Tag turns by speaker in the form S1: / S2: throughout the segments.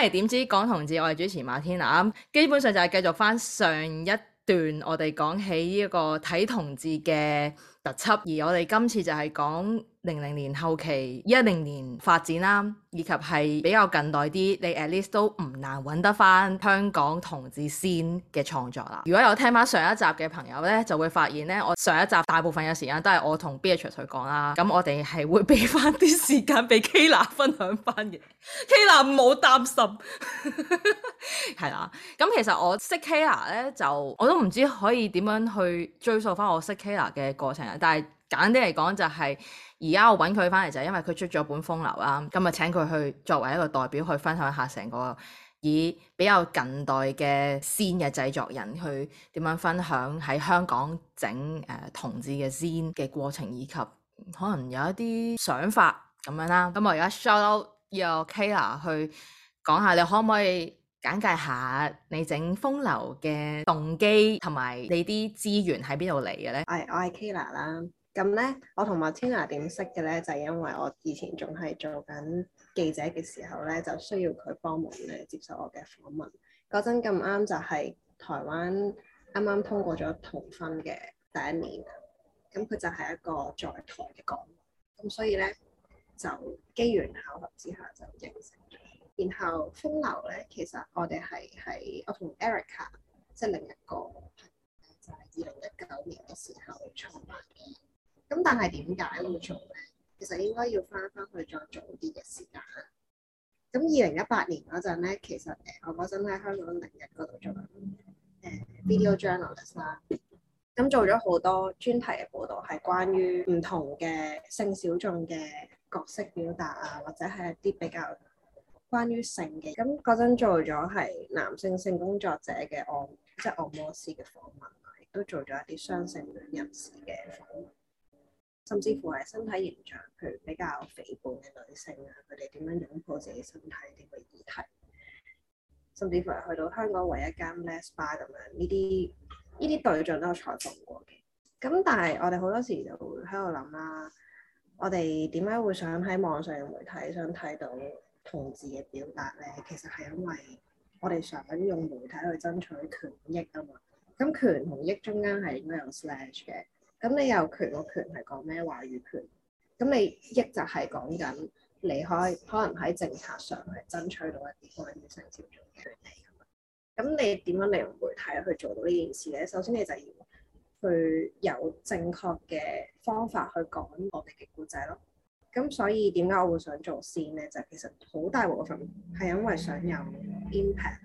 S1: 係點知講同志？我係主持馬天娜，基本上就係繼續翻上一段我哋講起呢一個睇同志嘅特輯，而我哋今次就係講。零零年後期，一零年發展啦，以及係比較近代啲，你 at least 都唔難揾得翻香港同志先嘅創作啦。如果有聽翻上一集嘅朋友呢，就會發現呢，我上一集大部分嘅時間都係我同 Beatrix 去講啦，咁我哋係會俾翻啲時間俾 Kayla 分享翻嘅。Kayla 唔好擔心，係 啦。咁其實我識 Kayla 呢，就我都唔知可以點樣去追溯翻我識 Kayla 嘅過程啊。但係簡單啲嚟講就係、是。而家我揾佢翻嚟就係因為佢出咗本《風流》啦，咁咪請佢去作為一個代表去分享下成個以比較近代嘅 zine 嘅製作人去點樣分享喺香港整誒同志嘅 zine 嘅過程，以及可能有一啲想法咁樣啦。咁我而家 shout out 由 Kayla 去講下，你可唔可以簡介下你整
S2: 《風流》嘅動機同埋你啲資源喺邊度嚟嘅咧？係，我係 Kayla 啦。咁咧，我同馬天娜點識嘅咧？就係、是、因為我以前仲係做緊記者嘅時候咧，就需要佢幫忙咧接受我嘅訪問。嗰陣咁啱就係台灣啱啱通過咗同婚嘅第一年，咁佢就係一個在台嘅港人，咁所以咧就機緣巧合之下就認識咗。然後風流咧，其實我哋係喺我同 Erica，即係另一個朋友，就係二零一九年嘅時候創辦嘅。咁但係點解會做咧？其實應該要返返去再早啲嘅時間。咁二零一八年嗰陣咧，其實誒我嗰陣喺香港零一嗰度做誒、呃、video journalist 啦、啊，咁、嗯、做咗好多專題嘅報導，係關於唔同嘅性小眾嘅角色表達啊，或者係一啲比較關於性嘅。咁嗰陣做咗係男性性工作者嘅按即係按摩師嘅訪問啊，亦都做咗一啲雙性戀人士嘅訪問。甚至乎係身體形象，譬如比較肥胖嘅女性啊，佢哋點樣擁抱自己身體呢個議題，甚至乎係去到香港唯一間 Les Bar 咁樣，呢啲呢啲對象都有採訪過嘅。咁但係我哋好多時就喺度諗啦，我哋點解會想喺網上嘅媒體想睇到同志嘅表達咧？其實係因為我哋想用媒體去爭取權益啊嘛。咁權同益中間係應該有 slash 嘅。咁你有權嘅權係講咩話語權？咁你益就係講緊離開，可能喺政策上係爭取到一啲關於性少數權利咁。咁你點樣利用媒體去做到呢件事咧？首先你就要去有正確嘅方法去講我哋嘅故仔咯。咁所以點解我會想做先咧？就係、其實好大部分係因為想有 impact，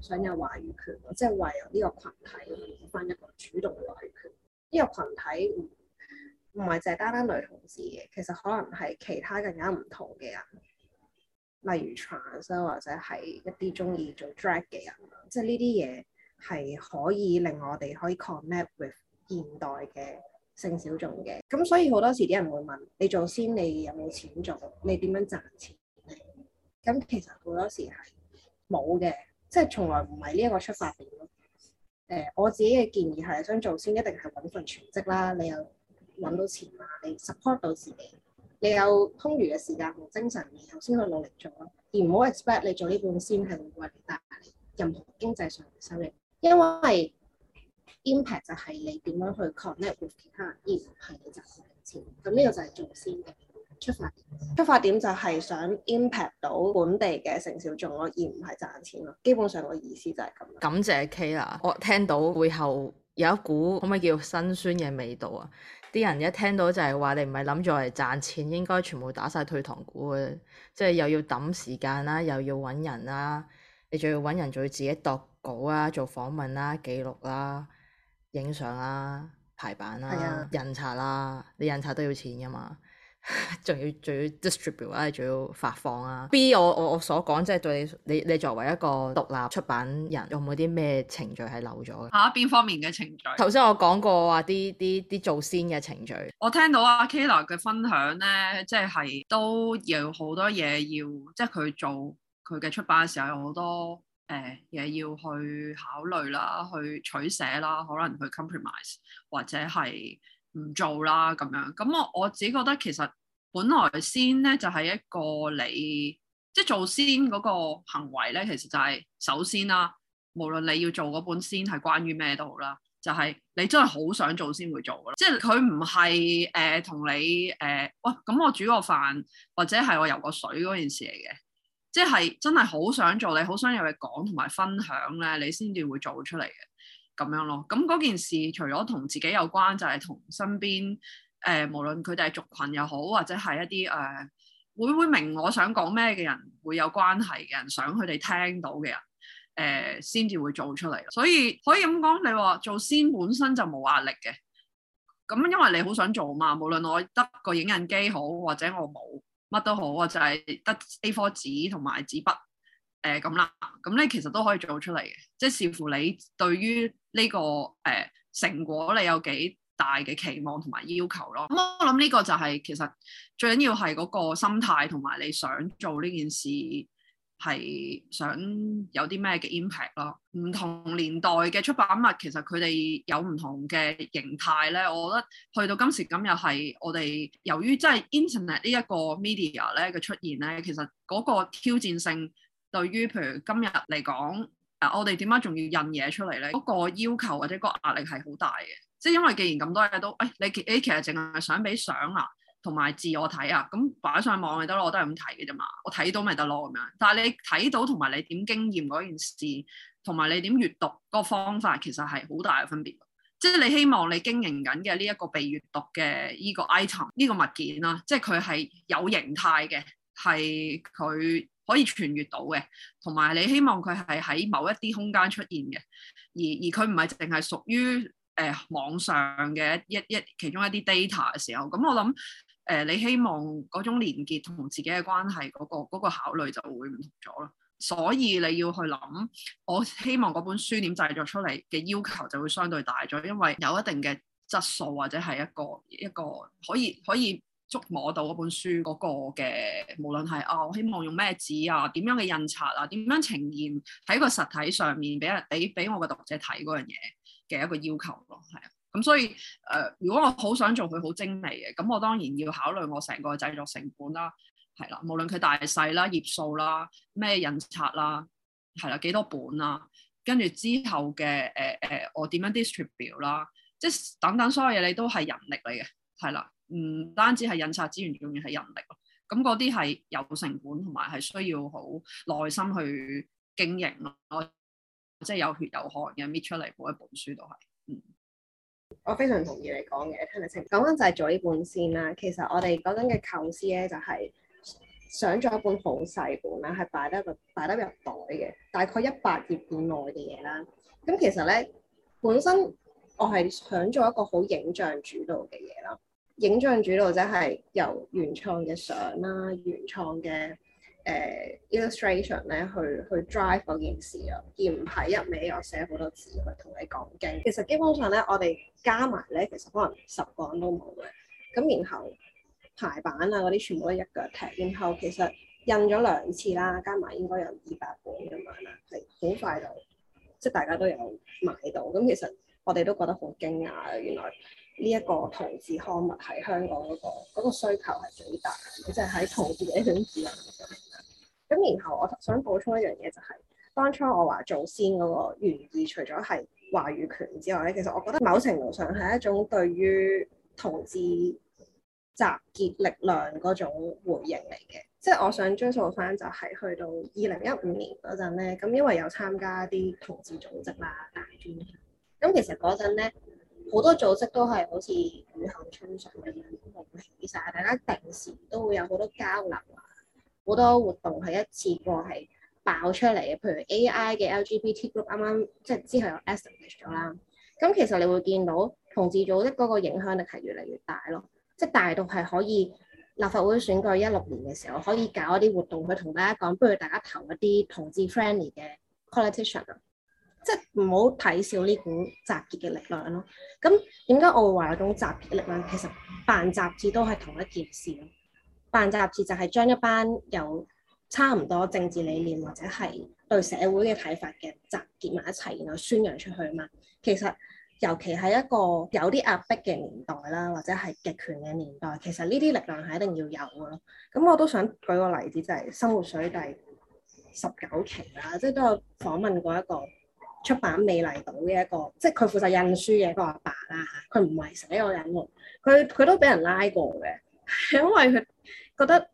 S2: 想有話語權，即、就、係、是、為呢個群體攞返一個主動嘅話語權。呢個群體唔唔係淨係單單女同志嘅，其實可能係其他更加唔同嘅人，例如 trans 或者係一啲中意做 drag 嘅人，即係呢啲嘢係可以令我哋可以 connect with 現代嘅性小眾嘅。咁所以好多時啲人會問你做先，你有冇錢做？你點樣賺錢？咁其實好多時係冇嘅，即係從來唔係呢一個出發點咯。誒，我自己嘅建議係想做 zine，一定係揾份全職啦，你有揾到錢啦，你 support 到自己，你有空餘嘅時間同精神，然後先去努力做咯，而唔好 expect 你做呢本 zine 係為你帶嚟任何經濟上嘅收益，因為 impact 就係你點樣去 connect with 其他人，而唔係你賺到錢，咁呢個就係做 zine 嘅。出發出發點就係想 impact 到本地嘅成小眾咯，而唔係賺錢咯。基本上個意思就係咁。
S1: 感謝 K 啦，我聽到背後有一股可唔可以叫辛酸嘅味道啊！啲人一聽到就係話你唔係諗住嚟賺錢，應該全部打晒退堂鼓嘅，即係又要抌時間啦，又要揾人啦，你仲要揾人，仲要自己度稿啊，做訪問啦、記錄啦、影相啦、排版啦、印刷啦，你印刷都要錢㗎嘛。仲要仲要 distribute 啊，仲要發放啊。B 我我我所講即係對你你你作為一個獨立出版人有冇啲咩程序係漏咗嘅？嚇，
S3: 邊方面嘅程序？
S1: 頭先我講過話啲啲啲做先嘅程序。我
S3: 聽到阿 Kayla 嘅分享咧，即係都有好多嘢要，即係佢做佢嘅出版嘅時候有好多誒嘢要去考慮啦，去取捨啦，可能去 compromise 或者係。唔做啦咁樣，咁我我自己覺得其實本來 zine 咧就係一個你即係做 zine 嗰個行為咧，其實就係首先啦，無論你要做嗰本 zine 係關於咩都好啦，就係你真係好想做先會做㗎啦，即係佢唔係誒同你誒，喂，咁我煮個飯或者係我游個水嗰件事嚟嘅，即係真係好想做，你好想有嘢講同埋分享咧，你先至會做出嚟嘅。咁樣咯，咁嗰件事除咗同自己有關，就係、是、同身邊誒、呃，無論佢哋係族群又好，或者係一啲誒、呃、會會明我想講咩嘅人，會有關係嘅人，想佢哋聽到嘅人，誒先至會做出嚟。所以可以咁講，你話做先本身就冇壓力嘅。咁因為你好想做嘛，無論我得個影印機好，或者我冇乜都好，或者係得 A4 紙同埋紙筆。誒咁啦，咁咧、嗯、其實都可以做出嚟嘅，即係視乎你對於呢、這個誒、呃、成果你有幾大嘅期望同埋要求咯。咁、嗯、我諗呢個就係、是、其實最緊要係嗰個心態同埋你想做呢件事係想有啲咩嘅 impact 咯。唔同年代嘅出版物其實佢哋有唔同嘅形態咧，我覺得去到今時今日，係我哋由於即係 internet 呢一個 media 咧嘅出現咧，其實嗰個挑戰性。對於譬如今日嚟講，啊，我哋點解仲要印嘢出嚟咧？嗰個要求或者嗰個壓力係好大嘅。即係因為既然咁多嘢都，誒，你其其實淨係想俾相啊，同埋自我睇啊，咁擺上網咪得咯，我都係咁睇嘅啫嘛，我睇到咪得咯咁樣。但係你睇到同埋你點經驗嗰件事，同埋你點閲讀個方法，其實係好大嘅分別。即係你希望你經營緊嘅呢一個被閲讀嘅呢個 item，呢個物件啦，即係佢係有形態嘅，係佢。可以傳閱到嘅，同埋你希望佢係喺某一啲空間出現嘅，而而佢唔係淨係屬於誒、呃、網上嘅一一,一其中一啲 data 嘅時候，咁、嗯、我諗誒、呃、你希望嗰種連結同自己嘅關係嗰、嗰個嗰個考慮就會唔同咗咯，所以你要去諗，我希望嗰本書點製作出嚟嘅要求就會相對大咗，因為有一定嘅質素或者係一個一個可以可以。觸摸到嗰本書嗰個嘅，無論係啊，我希望用咩紙啊，點樣嘅印刷啊，點樣呈現喺個實體上面俾人俾俾我嘅讀者睇嗰樣嘢嘅一個要求咯，係啊，咁所以誒、呃，如果我好想做佢好精美嘅，咁我當然要考慮我成個製作成本啦，係啦，無論佢大細啦、頁數啦、咩印刷啦，係啦，幾多本啦，跟住之後嘅誒誒，我點樣 distribute 啦，即係等等所有嘢你都係人力嚟嘅，係啦。唔單止係印刷資源，仲要係人力咯。咁嗰啲係有成本，同埋係需要好耐心去經營咯，即係有血有汗嘅搣出嚟嗰一本書都係。
S2: 嗯，我非常同意你講嘅，聽得清？講緊就係做呢本先啦。其實我哋嗰陣嘅構思咧，就係想做一本好細本啦，係擺得入擺得入袋嘅，大概一百頁以內嘅嘢啦。咁其實咧，本身我係想做一個好影像主導嘅嘢啦。影像主導者係由原創嘅相啦、原創嘅誒、呃、illustration 咧去去 drive 嗰件事咯，而唔係一味我寫好多字去同你講經。其實基本上咧，我哋加埋咧，其實可能十個人都冇嘅。咁然後排版啊嗰啲全部都一腳踢。然後其實印咗兩次啦，加埋應該有二百本咁樣啦，係好快就即係大家都有買到。咁其實我哋都覺得好驚訝啊，原來～呢一個同志刊物喺香港嗰、嗰個嗰個需求係最大？即係喺同志嘅一種市場上。咁然後我想補充一樣嘢、就是，就係當初我話祖先嗰個原意，除咗係話語權之外咧，其實我覺得某程度上係一種對於同志集結力量嗰種回應嚟嘅。即係我想追溯翻，就係去到二零一五年嗰陣咧，咁因為有參加啲同志組織啦、大專，咁其實嗰陣咧。好多組織都係好似雨後春筍咁樣都會起晒，大家定時都會有好多交流啊，好多活動係一次過係爆出嚟嘅。譬如 A.I. 嘅 LGBT group 啱啱即係之後有 establish 咗啦。咁其實你會見到同志組織嗰個影響力係越嚟越大咯，即係大到係可以立法會選舉一六年嘅時候，可以搞一啲活動去同大家講，不如大家投一啲同志 friendly 嘅 politician 啊！即係唔好睇少呢股集結嘅力量咯。咁點解我會話有種集結力量？其實辦雜誌都係同一件事咯。辦雜誌就係將一班有差唔多政治理念或者係對社會嘅睇法嘅集結埋一齊，然後宣揚出去啊嘛。其實尤其係一個有啲壓迫嘅年代啦，或者係極權嘅年代，其實呢啲力量係一定要有咯。咁我都想舉個例子，就係、是《生活水地》十九期啦，即係都有訪問過一個。出版《美麗島》嘅一個，即係佢負責印書嘅一個阿爸啦嚇，佢唔係死我引人佢佢都俾人拉過嘅，因為佢覺得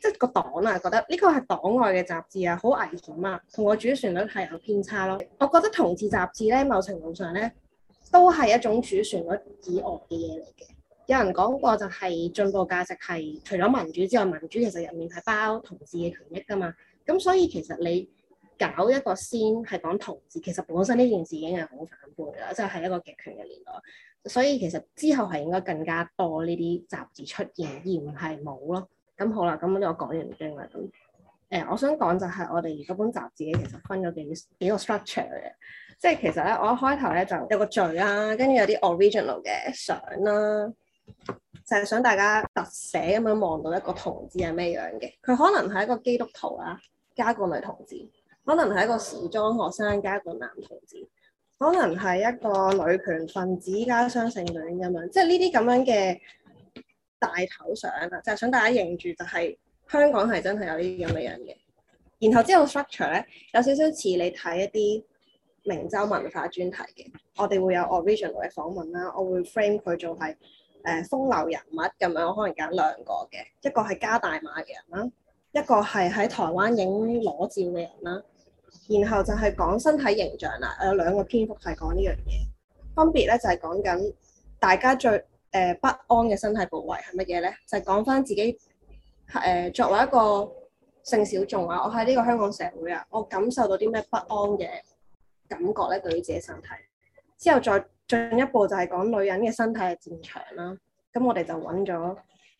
S2: 即係個黨啊，覺得呢個係黨外嘅雜誌啊，好危險啊，同我主旋律係有偏差咯。我覺得同志雜誌咧，某程度上咧，都係一種主旋律以外嘅嘢嚟嘅。有人講過就係進步價值係除咗民主之外，民主其實入面係包同志嘅權益噶嘛，咁所以其實你。搞一個先係講同志，其實本身呢件事已經係好反叛噶啦，即係一個極權嘅年代，所以其實之後係應該更加多呢啲雜誌出現，而唔係冇咯。咁好啦，咁呢個講完先啦。咁誒、呃，我想講就係我哋而家本雜誌咧，其實分咗幾幾個 structure 嘅，即係其實咧，我一開頭咧就有個序啦、啊，跟住有啲 original 嘅相啦，就係想大家特寫咁樣望到一個同志係咩樣嘅，佢可能係一個基督徒啦、啊，加個女同志。可能係一個時裝學生加一個男同志，可能係一個女權分子加雙性戀咁樣，即係呢啲咁樣嘅大頭相啦。就係想大家認住，就係香港係真係有呢啲咁嘅人嘅。然後之後 structure 咧有少少似你睇一啲明州文化專題嘅，我哋會有 original 嘅訪問啦。我會 frame 佢做係誒風流人物咁樣。我可能揀兩個嘅，一個係加大碼嘅人啦，一個係喺台灣影裸照嘅人啦。然後就係講身體形象啦，有兩個篇幅係講呢樣嘢，分別咧就係講緊大家最誒、呃、不安嘅身體部位係乜嘢咧？就講、是、翻自己誒、呃、作為一個性小眾啊，我喺呢個香港社會啊，我感受到啲咩不安嘅感覺咧？對於自己身體，之後再進一步就係講女人嘅身體係戰場啦。咁我哋就揾咗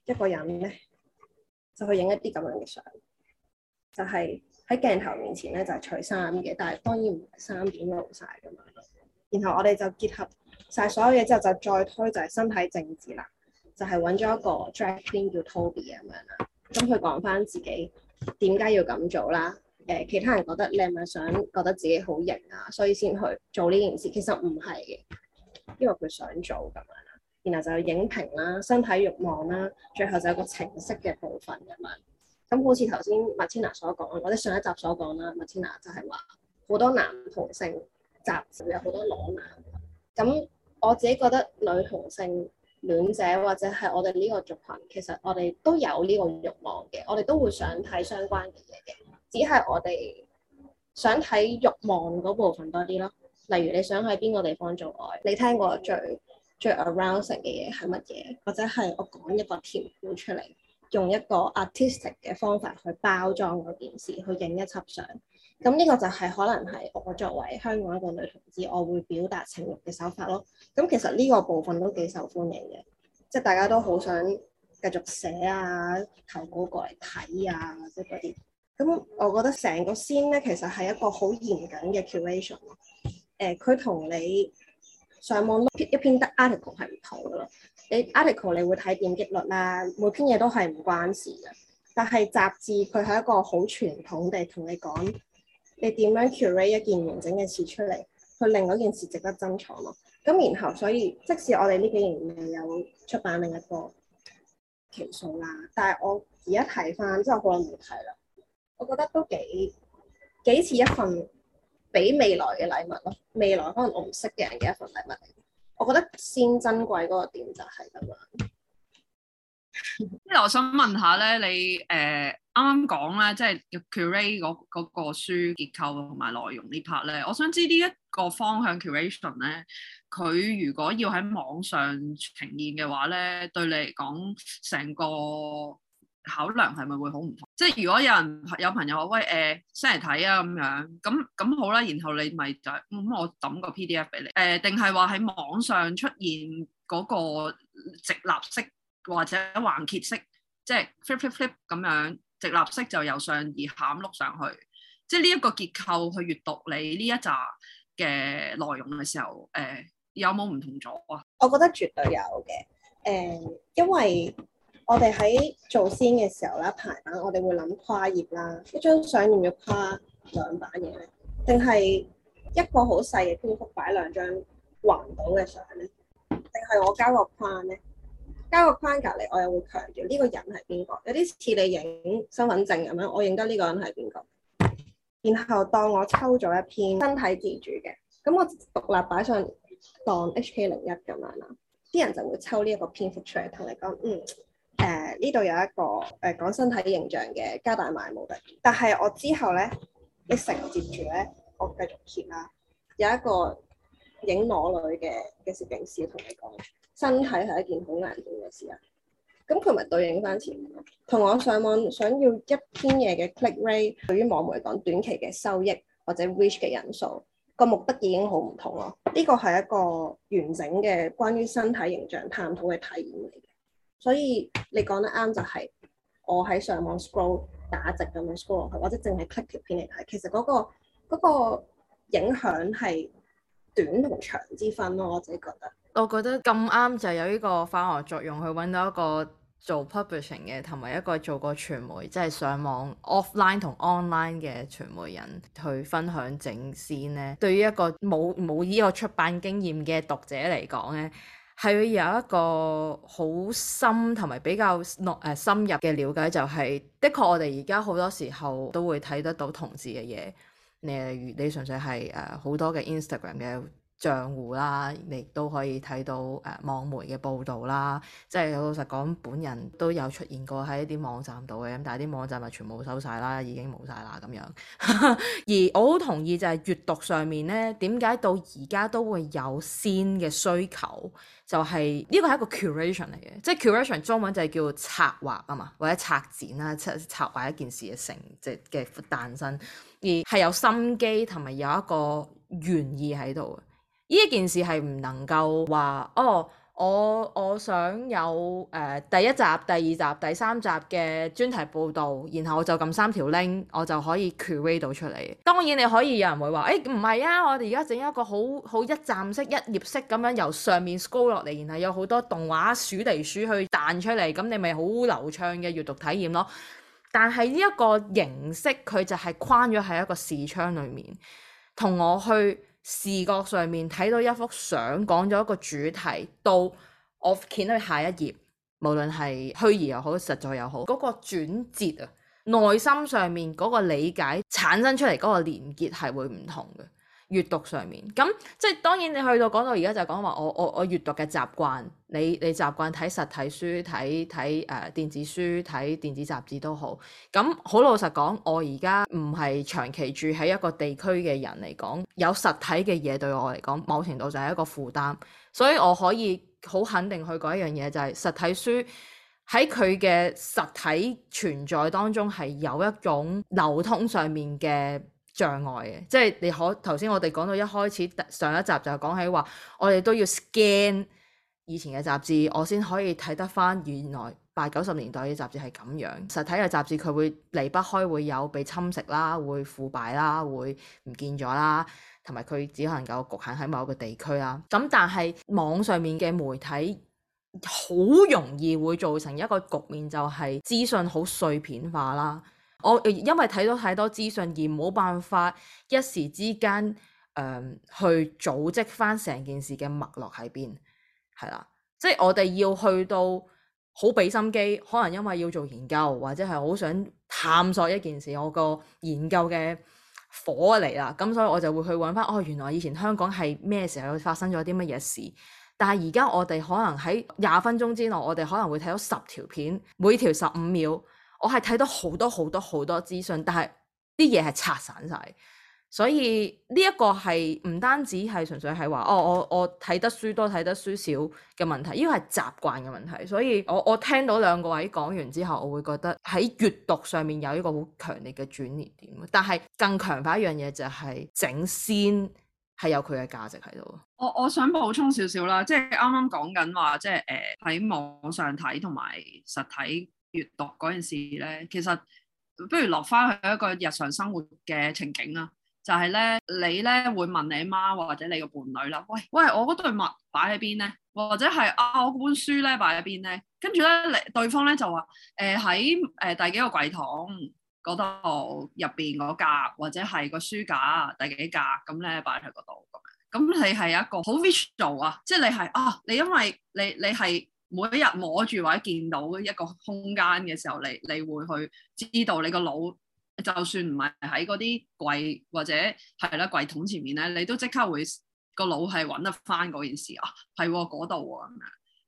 S2: 一個人咧，就去影一啲咁樣嘅相，就係、是。喺鏡頭面前咧就係、是、取衫嘅，但係當然唔係三點都露晒㗎嘛。然後我哋就結合晒所有嘢之後，就再推就係身體政治啦，就係揾咗一個 drag queen 叫 Toby 咁樣啦。咁佢講翻自己點解要咁做啦。誒、呃，其他人覺得你係咪想覺得自己好型啊，所以先去做呢件事？其實唔係，因為佢想做咁樣啦。然後就影評啦，身體欲望啦，最後就個情色嘅部分咁樣。咁好似頭先馬天娜所講，或者上一集所講啦，馬天娜就係話好多男同性雜誌有好多裸男。咁我自己覺得女同性戀者或者係我哋呢個族群，其實我哋都有呢個欲望嘅，我哋都會想睇相關嘅嘢嘅，只係我哋想睇欲望嗰部分多啲咯。例如你想喺邊個地方做愛，你聽過最最 arousing 嘅嘢係乜嘢，或者係我講一個甜故出嚟。用一個 artistic 嘅方法去包裝嗰件事，去影一輯相。咁呢個就係可能係我作為香港一個女同志，我會表達情慾嘅手法咯。咁其實呢個部分都幾受歡迎嘅，即係大家都好想繼續寫啊，投稿過嚟睇啊，即係嗰啲。咁我覺得成個 scene 咧，其實係一個好嚴謹嘅 curation 咯。佢、呃、同你上網一篇得 article 係唔同㗎啦。你 article 你會睇點擊率啦，每篇嘢都係唔關事嘅。但係雜誌佢係一個好傳統地同你講你點樣 curate 一件完整嘅事出嚟，去令嗰件事值得珍藏咯。咁然後所以即使我哋呢幾年未有出版另一個期數啦，但係我而家睇翻，即係我過年睇啦，我覺得都幾幾似一份俾未來嘅禮物咯。未來可能我唔識嘅人嘅一份禮物。我覺得先珍貴嗰個點就
S3: 係咁樣。即係我想問下咧，你誒啱啱講咧，即係 curate 嗰嗰個書結構同埋內容呢 part 咧，我想知呢一個方向 curation 咧，佢如果要喺網上呈現嘅話咧，對你嚟講成個考量係咪會好唔同？即係如果有人有朋友話，喂，誒、呃，先嚟睇啊咁樣，咁咁好啦。然後你咪就咁，我抌個 PDF 俾你，誒、呃，定係話喺網上出現嗰個直立式或者橫揭式，即係 fl flip flip flip 咁樣，直立式就由上而下碌上去，即係呢一個結構去閲讀你呢一紮嘅內容嘅時候，誒、呃，有冇唔同咗啊？我覺得絕對有嘅，誒、
S2: 呃，因為。我哋喺做 zine 嘅時候啦，排版我哋會諗跨頁啦。一張相要唔要跨兩版嘢咧？定係一個好細嘅篇幅擺兩張橫倒嘅相咧？定係我交個框咧？交個框隔籬，我又會強調呢個人係邊個？有啲似你影身份證咁樣，我認得呢個人係邊個？然後當我抽咗一篇身體自主嘅，咁我獨立擺上當 HK 零一咁樣啦，啲人就會抽呢一個篇幅出嚟同你講，嗯。誒呢度有一個誒講、呃、身體形象嘅加大賣冇得，但係我之後咧一承接住咧，我繼續貼啦。有一個影裸女嘅嘅攝影師同你講，身體係一件好難做嘅事啊。咁佢咪對應翻前面同我上網想要一篇嘢嘅 click rate，對於網媒嚟講短期嘅收益或者 reach 嘅人數。這個目的已經好唔同咯。呢、這個係一個完整嘅關於身體形象探討嘅體驗嚟。所以你講得啱，就係我喺上網 scroll 打直咁樣 scroll 落去，或者淨係 click 條片嚟睇，其實嗰個嗰個影響係短同長之分咯，我自己覺得。
S1: 我覺得咁啱就係有呢個化學作用，去搵到一個做 publishing 嘅，同埋一個做過傳媒，即係上網 offline 同 online 嘅傳媒人去分享整先咧。對於一個冇冇呢個出版經驗嘅讀者嚟講咧。係會有一個好深同埋比較深入嘅了解，就係、是、的確我哋而家好多時候都會睇得到同志嘅嘢，你例如你純粹係誒好多嘅 Instagram 嘅。賬戶啦，亦都可以睇到誒、呃、網媒嘅報道啦。即係老實講，本人都有出現過喺一啲網站度嘅，但係啲網站咪全部收晒啦，已經冇晒啦咁樣。 而我好同意就係閱讀上面呢，點解到而家都會有先嘅需求？就係呢個係一個 curation 嚟嘅，即係 curation 中文就係叫做策劃啊嘛，或者策展啦、啊，策策劃一件事嘅成即嘅誕生，而係有心機同埋有一個願意喺度。呢件事係唔能夠話哦，我我想有誒、呃、第一集、第二集、第三集嘅專題報道，然後我就撳三條 link，我就可以 create 到出嚟。當然你可以有人會話，誒唔係啊，我哋而家整一個好好一站式、一頁式咁樣由上面 scroll 落嚟，然後有好多動畫鼠嚟鼠去彈出嚟，咁你咪好流暢嘅閱讀體驗咯。但係呢一個形式，佢就係框咗喺一個視窗裏面，同我去。視覺上面睇到一幅相，講咗一個主題，到我見到佢下一頁，無論係虛擬又好，實在又好，嗰、嗰個轉折啊，內心上面嗰個理解產生出嚟嗰個連結係會唔同嘅。閱讀上面咁，即係當然你去到講到而家就講話我我我閱讀嘅習慣，你你習慣睇實體書、睇睇誒電子書、睇電子雜誌都好。咁好老實講，我而家唔係長期住喺一個地區嘅人嚟講，有實體嘅嘢對我嚟講某程度就係一個負擔，所以我可以好肯定去講一樣嘢就係、是、實體書喺佢嘅實體存在當中係有一種流通上面嘅。障礙嘅，即係你可頭先我哋講到一開始上一集就講起話，我哋都要 scan 以前嘅雜誌，我先可以睇得返原來八九十年代嘅雜誌係咁樣。實體嘅雜誌佢會離不開會有被侵蝕啦，會腐敗啦，會唔見咗啦，同埋佢只能夠局限喺某一個地區啦。咁但係網上面嘅媒體好容易會造成一個局面，就係資訊好碎片化啦。我因為睇到太多資訊而冇辦法一時之間誒、呃、去組織翻成件事嘅脈絡喺邊，係啦，即係我哋要去到好俾心機，可能因為要做研究或者係好想探索一件事，我個研究嘅火嚟啦，咁所以我就會去揾翻，哦，原來以前香港係咩時候發生咗啲乜嘢事？但係而家我哋可能喺廿分鐘之內，我哋可能會睇到十條片，每條十五秒。我係睇到好多好多好多資訊，但係啲嘢係拆散晒。所以呢一、這個係唔單止係純粹係話哦，我我睇得書多睇得書少嘅問題，呢、這個係習慣嘅問題。所以我，我我聽到兩個位講完之後，我會覺得喺閱讀上面有一個好強烈嘅轉捩點。但係更強化一樣嘢就係、是、整先係有佢嘅價值喺度。
S3: 我我想補充少少啦，即係啱啱講緊話，即係誒喺網上睇同埋實體。閱讀嗰件事咧，其實不如落翻去一個日常生活嘅情景啊。就係咧，你咧會問你阿媽或者你個伴侶啦，喂喂，我嗰對襪擺喺邊咧，或者係啊，我本書咧擺喺邊咧，跟住咧，你對方咧就話，誒喺誒第幾個櫃筒嗰度入邊嗰格，或者係個書架第幾格咁咧擺喺嗰度咁樣，咁你係一個好 visual 啊，即係你係啊，你因為你你係。你每一日摸住或者見到一個空間嘅時候，你你會去知道你個腦，就算唔係喺嗰啲櫃或者係啦櫃桶前面咧，你都即刻會、那個腦係揾得翻嗰件事啊，係嗰度咁樣。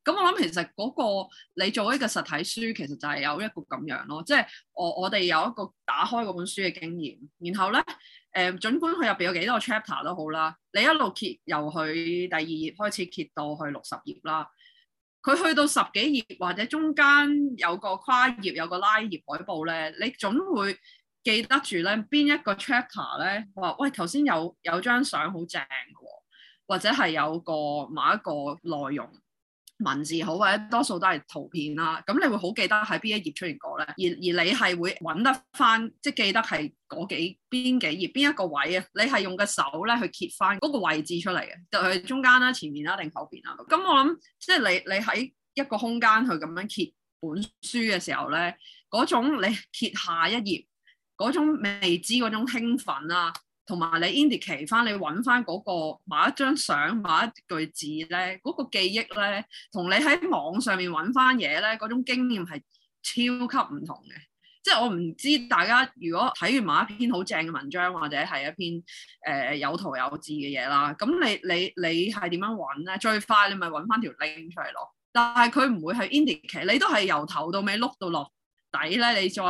S3: 咁、啊、我諗其實嗰、那個你做一個實體書，其實就係有一個咁樣咯，即、就、係、是、我我哋有一個打開嗰本書嘅經驗，然後咧誒、呃，儘管佢入邊有幾多個 chapter 都好啦，你一路揭由佢第二頁開始揭到去六十頁啦。佢去到十幾頁，或者中間有個跨頁，有個拉頁海報咧，你總會記得住咧邊一個 chapter 咧話，喂頭先有有張相好正㗎，或者係有個某一個內容。文字好或者多數都係圖片啦、啊，咁你會好記得喺邊一頁出現過咧，而而你係會揾得翻，即係記得係嗰幾邊幾頁邊一個位啊，你係用個手咧去揭翻嗰個位置出嚟嘅，就係、是、中間啦、啊、前面啦、啊、定後邊啦、啊。咁我諗即係你你喺一個空間去咁樣揭本書嘅時候咧，嗰種你揭下一頁嗰種未知嗰種興奮啊！同埋你 indicate 翻，你揾翻嗰個某一張相，某一句字咧，嗰、嗰個記憶咧，同你喺網上面揾翻嘢咧，嗰種經驗係超級唔同嘅。即係我唔知大家如果睇完某一篇好正嘅文章，或者係一篇誒、呃、有圖有字嘅嘢啦，咁你你你係點樣揾咧？最快你咪揾翻條 link 出嚟咯。但係佢唔會係 indicate，你都係由頭到尾碌到落底咧，你再，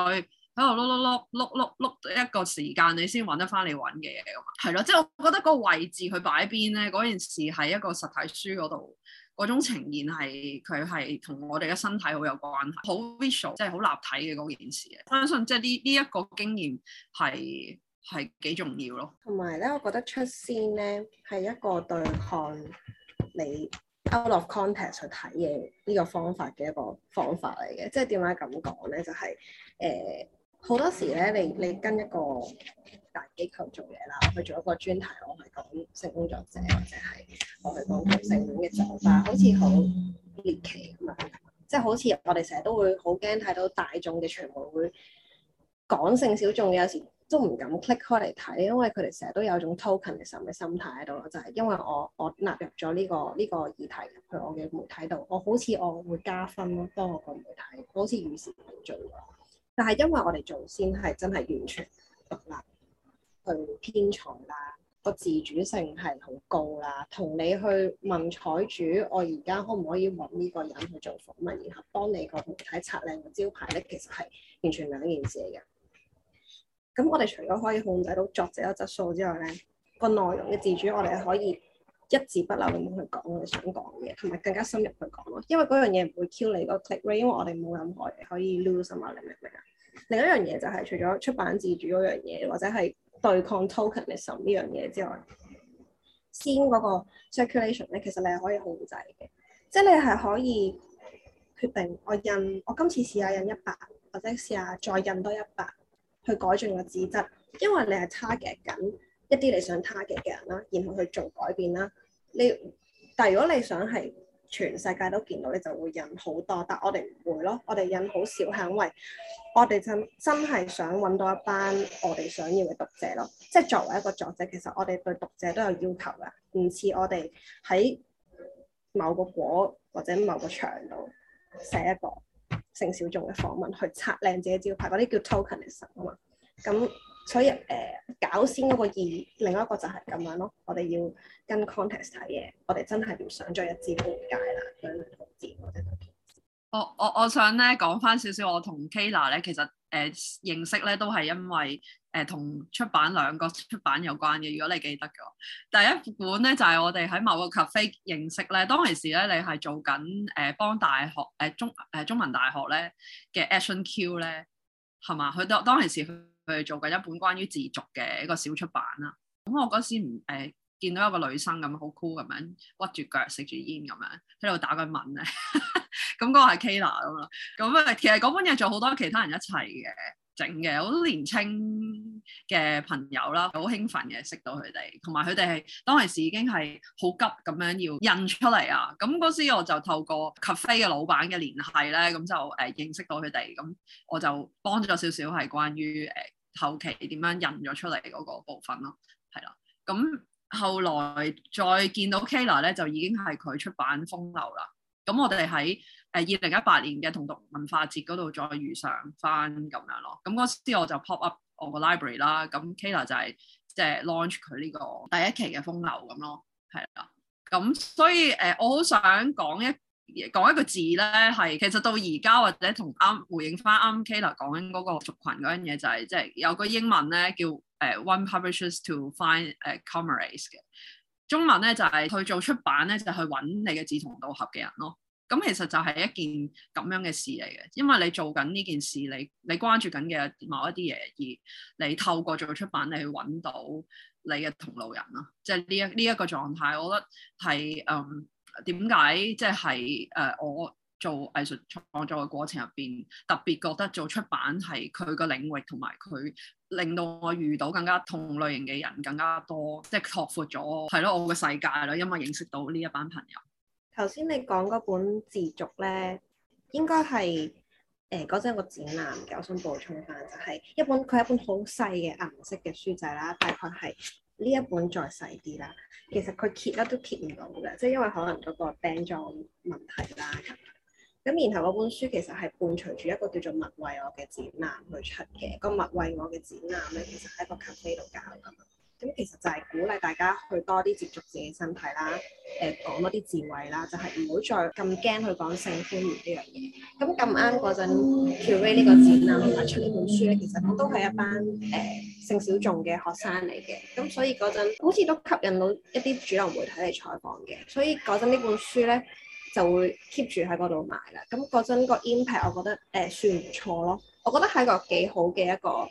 S3: 喺度碌碌碌碌碌碌一個時間你，你先揾得翻你揾嘅嘢咁啊，係咯，即係我覺得嗰個位置佢擺喺邊咧，嗰件事係一個實體書嗰度嗰種呈現係佢係同我哋嘅身體好有關係，好 visual，即係好立體嘅嗰件事啊！相信即係呢呢一個經驗
S2: 係係
S3: 幾重要咯。
S2: 同埋咧，我覺得出先咧係一個對抗你 out of context 去睇嘢呢個方法嘅一個方法嚟嘅，即係點解咁講咧？就係、是、誒。欸好多時咧，你你跟一個大機構做嘢啦，去做一個專題，我係講性工作者，或者係我去講性嘅嘢，但好似、就是、好獵奇啊嘛，即係好似我哋成日都會好驚睇到大眾嘅傳媒會講性小眾，有時都唔敢 click 開嚟睇，因為佢哋成日都有種 tokenism 嘅心態喺度咯，就係、是、因為我我納入咗呢、這個呢、這個議題入去我嘅媒體度，我好似我會加分咯，多我個媒體，好似與時俱進啊。但係因為我哋做先係真係完全獨立去編採啦，個自主性係好高啦。同你去問採主，我而家可唔可以揾呢個人去做訪問，然後幫你個媒體插靚個招牌咧，其實係完全兩件事嚟嘅。咁我哋除咗可以控制到作者嘅質素之外咧，個內容嘅自主，我哋可以。一字不漏咁去講我哋想講嘅嘢，同埋更加深入去講咯。因為嗰樣嘢唔會 kill 你個 click rate，因為我哋冇任何可以 lose 啊嘛。你明唔明啊？另一樣嘢就係、是、除咗出版自主嗰樣嘢，或者係對抗 tokenism 呢樣嘢之外，先嗰個 circulation 咧，其實你係可以控制嘅，即係你係可以決定我印我今次試下印一百，或者試下再印多一百去改進個紙質，因為你係 target 緊。一啲你想 target 嘅人啦，然後去做改變啦。你，但係如果你想係全世界都見到，你就會印好多。但我哋唔會咯，我哋印好少係因為我哋就真係想揾到一班我哋想要嘅讀者咯。即係作為一個作者，其實我哋對讀者都有要求噶，唔似我哋喺某個果或者某個場度寫一個性小眾嘅訪問去擦靚自己招牌，嗰啲叫 tokenism 啊嘛。咁、嗯所以誒、呃、搞先嗰個意義，另一個就係咁樣咯。我哋要跟 context 睇
S3: 嘢，我哋真係唔想再一知半解啦，我我我想咧講翻少少，我同 Kayla 咧其實誒、呃、認識咧都係因為誒同、呃、出版兩個出版有關嘅。如果你記得嘅，第一本咧就係、是、我哋喺某個 cafe 認識咧，當其時咧你係做緊誒、呃、幫大學誒、呃、中誒、呃、中文大學咧嘅 Action Q 咧係嘛？佢當當其時佢做緊一本關於自俗嘅一個小出版啦，咁我嗰時唔誒、呃、見到一個女生咁好 cool 咁樣，酷樣屈住腳食住煙咁樣喺度打緊吻咧，咁嗰個係 Kayla 啦，咁誒其實嗰本嘢仲好多其他人一齊嘅整嘅，好年青嘅朋友啦，好興奮嘅識到佢哋，同埋佢哋係當時已經係好急咁樣要印出嚟啊，咁嗰時我就透過咖啡嘅老闆嘅聯繫咧，咁就誒、呃、認識到佢哋，咁我就幫咗少少係關於誒。呃後期點樣印咗出嚟嗰個部分咯，係啦。咁後來再見到 Kayla 咧，就已經係佢出版風流啦。咁我哋喺誒二零一八年嘅同讀文化節嗰度再遇上翻咁樣咯。咁嗰時我就 pop up 我個 library 啦。咁 Kayla 就係即係 launch 佢呢個第一期嘅風流咁咯，係啦。咁所以誒，我好想講一。講一個字咧，係其實到而家或者同啱回應翻啱 Kayla 講緊嗰個族群嗰樣嘢，就係即係有個英文咧叫誒 One publishes to find 誒 comrades 嘅中文咧就係、係、去做出版咧就係、去揾你嘅志同道合嘅人咯。咁、嗯、其實就係一件咁樣嘅事嚟嘅，因為你做緊呢件事，你你關注緊嘅某一啲嘢，而你透過做出版，你去揾到你嘅同路人咯。即係呢一呢一個狀態，我覺得係嗯。點解即係誒我做藝術創作嘅過程入邊，特別覺得做出版係佢個領域同埋佢令到我遇到更加同類型嘅人更加多，即係拓闊咗係咯我嘅世界咯，因為認識到呢一班朋友。
S2: 頭先你講嗰本自續咧，應該係誒嗰陣個展覽嘅，我想補充翻就係、係、一本佢係一本好細嘅顏色嘅書仔啦，大概係。呢一本再細啲啦，其實佢揭都都揭唔到嘅，即係因為可能嗰個病狀問題啦咁。咁然後嗰本書其實係伴隨住一個叫做《物慰我》嘅展覽去出嘅。個《物慰我》嘅展覽咧，其實喺個咖啡度搞。咁其實就係鼓勵大家去多啲接觸自己身體啦，誒、呃、講多啲自慰啦，就係唔好再咁驚去講性方面呢樣嘢。咁咁啱嗰陣，curate 呢個展覽出呢本書咧，其實我都係一班誒、呃性小眾嘅學生嚟嘅，咁所以嗰陣好似都吸引到一啲主流媒體嚟採訪嘅，所以嗰陣呢本書咧就會 keep 住喺嗰度賣啦。咁嗰陣個 impact 我覺得誒、呃、算唔錯咯，我覺得係一個幾好嘅一個。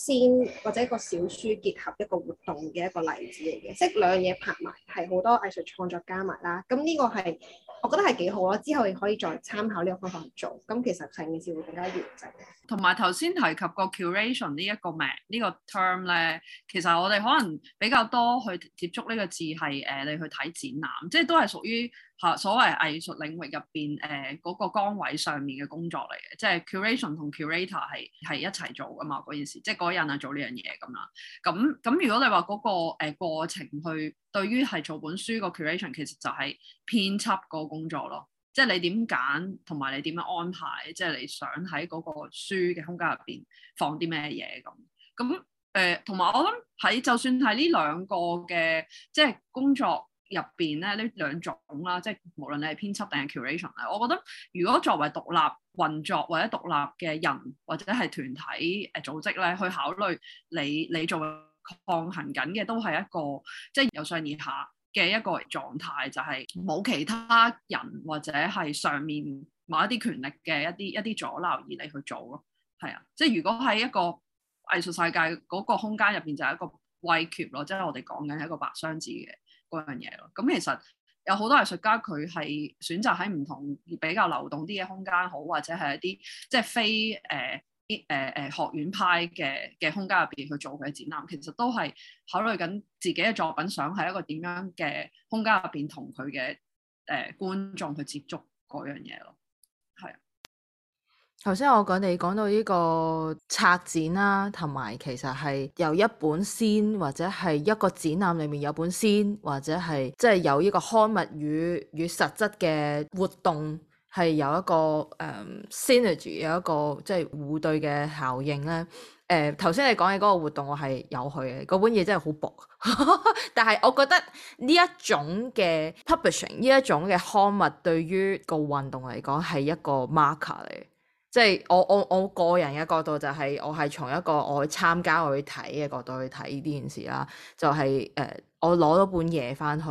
S2: 先或者一個小書結合一個活動嘅一個例子嚟嘅，即係兩嘢拍埋係好多藝術創作加埋啦。咁呢個係我覺得係幾好咯。之後可以再參考呢個方法嚟做，咁其實成件事會更加完整。
S3: 同埋頭先提及過 curation 呢一個名，呢個名呢個 term 咧，其實我哋可能比較多去接觸呢個字係誒，你去睇展覽，即係都係屬於。嚇，所謂藝術領域入邊誒嗰個崗位上面嘅工作嚟嘅，即係 curation 同 curator 係係一齊做㗎嘛，嗰件事，即係嗰人啊做呢樣嘢咁啦。咁咁如果你話嗰、那個誒、呃、過程去對於係做本書個 curation，其實就係編輯個工作咯，即係你點揀同埋你點樣安排，即係你想喺嗰個書嘅空間入邊放啲咩嘢咁。咁誒同埋我諗喺就算係呢兩個嘅即係工作。入邊咧呢兩種啦，即係無論你係編輯定係 curation，我覺得如果作為獨立運作或者獨立嘅人或者係團體誒、呃、組織咧，去考慮你你做抗衡緊嘅都係一個即係由上而下嘅一個狀態，就係、是、冇其他人或者係上面某一啲權力嘅一啲一啲阻撓而嚟去做咯。係啊，即係如果喺一個藝術世界嗰個空間入邊就係一個威權咯，即係我哋講緊係一個白箱子嘅。嗰樣嘢咯，咁其實有好多藝術家佢係選擇喺唔同比較流動啲嘅空間好，好或者係一啲即係非誒啲誒誒學院派嘅嘅空間入邊去做佢嘅展覽，其實都係考慮緊自己嘅作品想喺一個點樣嘅空間入邊同佢嘅誒觀眾去接觸嗰樣嘢咯。
S1: 頭先我講你講到呢個策展啦，同埋其實係有一本 zine 或者係一個展覽裏面有本 zine，或者係即係有呢個刊物與與實質嘅活動係有一個誒、um, synergy，有一個即係、就是、互對嘅效應咧。誒、呃，頭先你講嘅嗰個活動我係有去嘅，嗰本嘢真係好薄， 但係我覺得呢一種嘅 publishing，呢一種嘅刊物對於個運動嚟講係一個 marker 嚟。即係我我我個人嘅角度就係我係從一個我去參加我去睇嘅角度去睇呢件事啦，就係、是、誒、呃、我攞到本嘢翻去，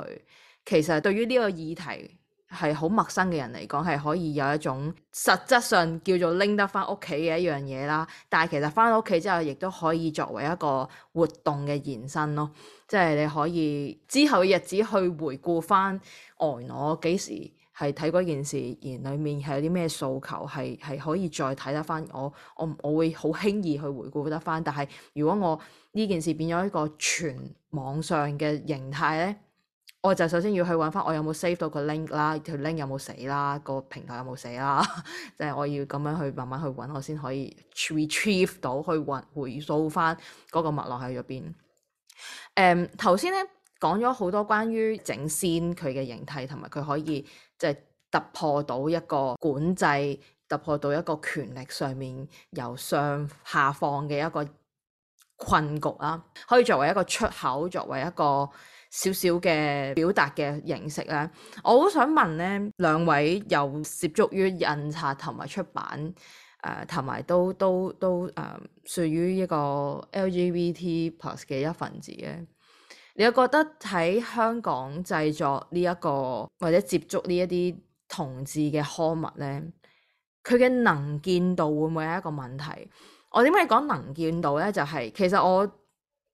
S1: 其實對於呢個議題係好陌生嘅人嚟講係可以有一種實質上叫做拎得翻屋企嘅一樣嘢啦，但係其實翻到屋企之後亦都可以作為一個活動嘅延伸咯，即係你可以之後嘅日子去回顧翻哦我幾時。係睇嗰件事，而裡面係有啲咩訴求係係可以再睇得翻。我我我會好輕易去回顧得翻，但係如果我呢件事變咗一個全網上嘅形態咧，我就首先要去揾翻我有冇 save 到個 link 啦，條 link 有冇死啦，個平台有冇死啦，即 係我要咁樣去慢慢去揾，我先可以 retrieve 到去還回溯翻嗰個脈絡喺入邊。誒頭先咧。講咗好多關於整 zine 佢嘅形態，同埋佢可以即係突破到一個管制，突破到一個權力上面由上下放嘅一個困局啦。可以作為一個出口，作為一個少少嘅表達嘅形式咧。我好想問咧，兩位又涉足於印刷同埋出版，誒同埋都都都誒、呃、屬於一個 LGBT plus 嘅一份子嘅。你有覺得喺香港製作呢、這、一個或者接觸呢一啲同志嘅刊物咧，佢嘅能見度會唔會係一個問題？我點解講能見度咧？就係、是、其實我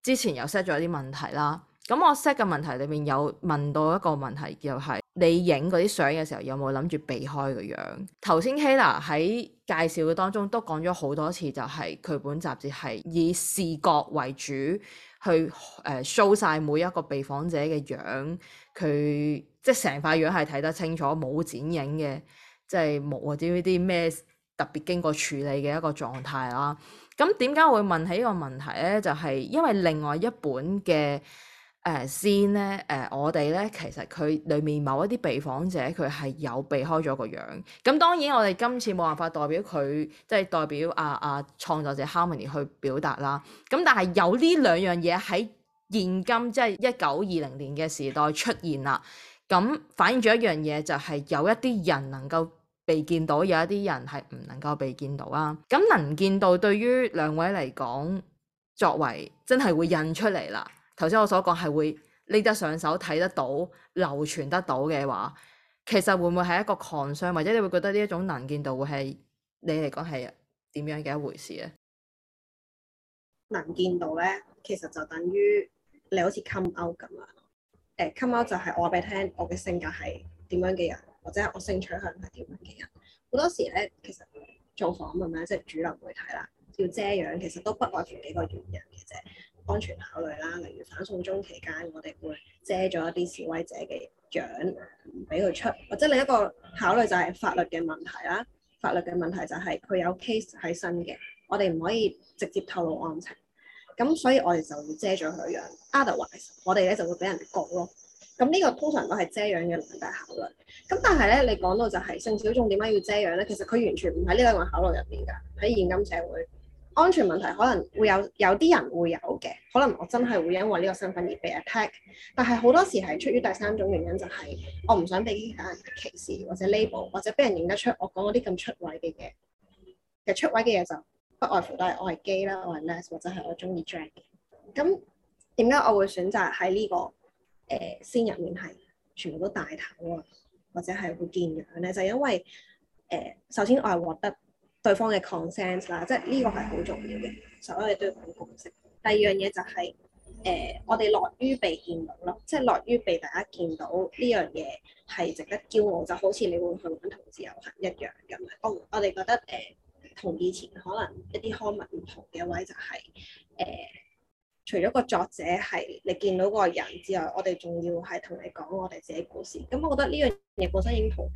S1: 之前有 set 咗啲問題啦。咁我 set 嘅問題裏面有問到一個問題，就係、是、你影嗰啲相嘅時候有冇諗住避開個樣？頭先 Kayla 喺介紹嘅當中都講咗好多次，就係佢本雜誌係以視覺為主。去誒 show 晒每一個被訪者嘅樣，佢即係成塊樣係睇得清楚，冇剪影嘅，即係冇啲呢啲咩特別經過處理嘅一個狀態啦。咁點解會問起呢個問題咧？就係因為另外一本嘅。誒、呃、先咧，誒、呃、我哋咧，其實佢裏面某一啲被訪者，佢係有避開咗個樣。咁當然我哋今次冇辦法代表佢，即係代表阿、啊、阿、啊、創作者 Harmony 去表達啦。咁但係有呢兩樣嘢喺現今即係一九二零年嘅時代出現啦。咁反映咗一樣嘢，就係有一啲人能夠被見到，有一啲人係唔能夠被見到啊。咁能見到對於兩位嚟講，作為真係會印出嚟啦。頭先我所講係會拎得上手、睇得到、流傳得到嘅話，其實會唔會係一個擴張，或者你會覺得呢一種能見度會係
S2: 你嚟講係點樣嘅一回事咧？能見度咧，其實就等於你好似 come out 咁樣。誒、呃，come out 就係我話俾你聽，我嘅性格係點樣嘅人，或者我性取向係點樣嘅人。好多時咧，其實做訪問咧，即、就、係、是、主流媒體啦，要遮掩，其實都不外乎幾個原因嘅啫。安全考慮啦，例如反送中期間，我哋會遮咗一啲示威者嘅樣，唔俾佢出。或者另一個考慮就係法律嘅問題啦。法律嘅問題就係佢有 case 喺身嘅，我哋唔可以直接透露案情。咁所以我哋就要遮咗佢樣。Otherwise，我哋咧就會俾人告咯。咁呢個通常都係遮樣嘅兩大考慮。咁但係咧，你講到就係、是、性小眾點解要遮樣咧？其實佢完全唔喺呢兩個考慮入面㗎。喺現今社會。安全問題可能會有有啲人會有嘅，可能我真係會因為呢個身份而被 attack。但係好多時係出於第三種原因、就是，就係我唔想俾其他人歧視或者 label，或者俾人認得出我講嗰啲咁出位嘅嘢。其實出位嘅嘢就不外乎都係我係基啦，我係 less 或者係我中意 drag 嘅。咁點解我會選擇喺呢個誒 scene 入面係全部都大頭啊，或者係會見樣咧？就是、因為誒、呃、首先我係獲得。對方嘅 concerns 啦，即係呢個係好重要嘅，所有嘢都要講共識。第二樣嘢就係、是、誒、呃，我哋樂於被見到咯，即係樂於被大家見到呢樣嘢係值得驕傲，就好似你會去揾同志遊行一樣咁、哦。我我哋覺得誒，同、呃、以前可能一啲刊物唔同嘅位就係、是、誒、呃，除咗個作者係你見到個人之外，我哋仲要係同你講我哋自己故事。咁我覺得呢樣嘢本身應同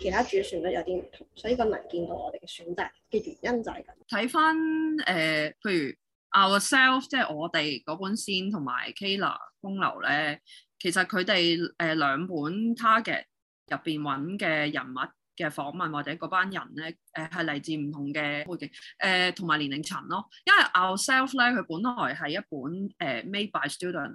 S2: 其他主旋律有啲唔同，所以佢能見到我
S3: 哋嘅選擇嘅原因就係咁。睇翻誒，譬、呃、如 Ourself 即係我哋嗰本 zine，同埋 Kayla 風流咧，其實佢哋誒兩本 target 入邊揾嘅人物嘅訪問或者嗰班人咧，誒係嚟自唔同嘅背景誒同埋年齡層咯。因為 Ourself 咧，佢本來係一本誒、呃、made by student 誒，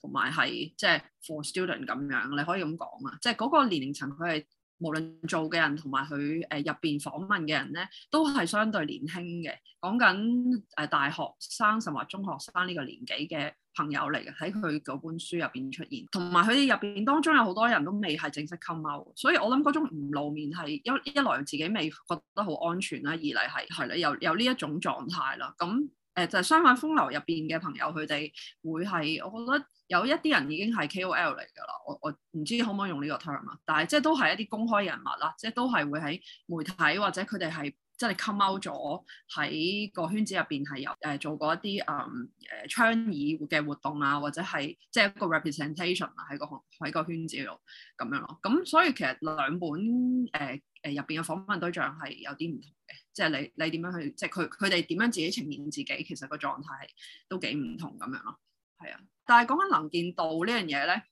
S3: 同埋係即係 for student 咁樣，你可以咁講啊，即係嗰個年齡層佢係。無論做嘅人同埋佢誒入邊訪問嘅人咧，都係相對年輕嘅，講緊誒大學生甚或中學生呢個年紀嘅朋友嚟嘅，喺佢嗰本書入邊出現，同埋佢哋入邊當中有好多人都未係正式 come out，所以我諗嗰種唔露面係一一來自己未覺得好安全啦，二嚟係係啦，有有呢一種狀態啦，咁。誒就係相反，《風流》入邊嘅朋友，佢哋會係我覺得有一啲人已經係 KOL 嚟㗎啦。我我唔知可唔可以用呢個 term 啊，但係即係都係一啲公開人物啦，即係都係會喺媒體或者佢哋係即係 come out 咗喺個圈子入邊係有誒做過一啲誒倡議嘅活動啊，或者係即係一個 representation 啊喺個喺個圈子度咁樣咯。咁所以其實兩本誒誒入邊嘅訪問對象係有啲唔同嘅。即係你你點樣去即係佢佢哋點樣自己呈現自己，其實個狀態係都幾唔同咁樣咯，係啊。但係講緊能見度呢樣嘢咧，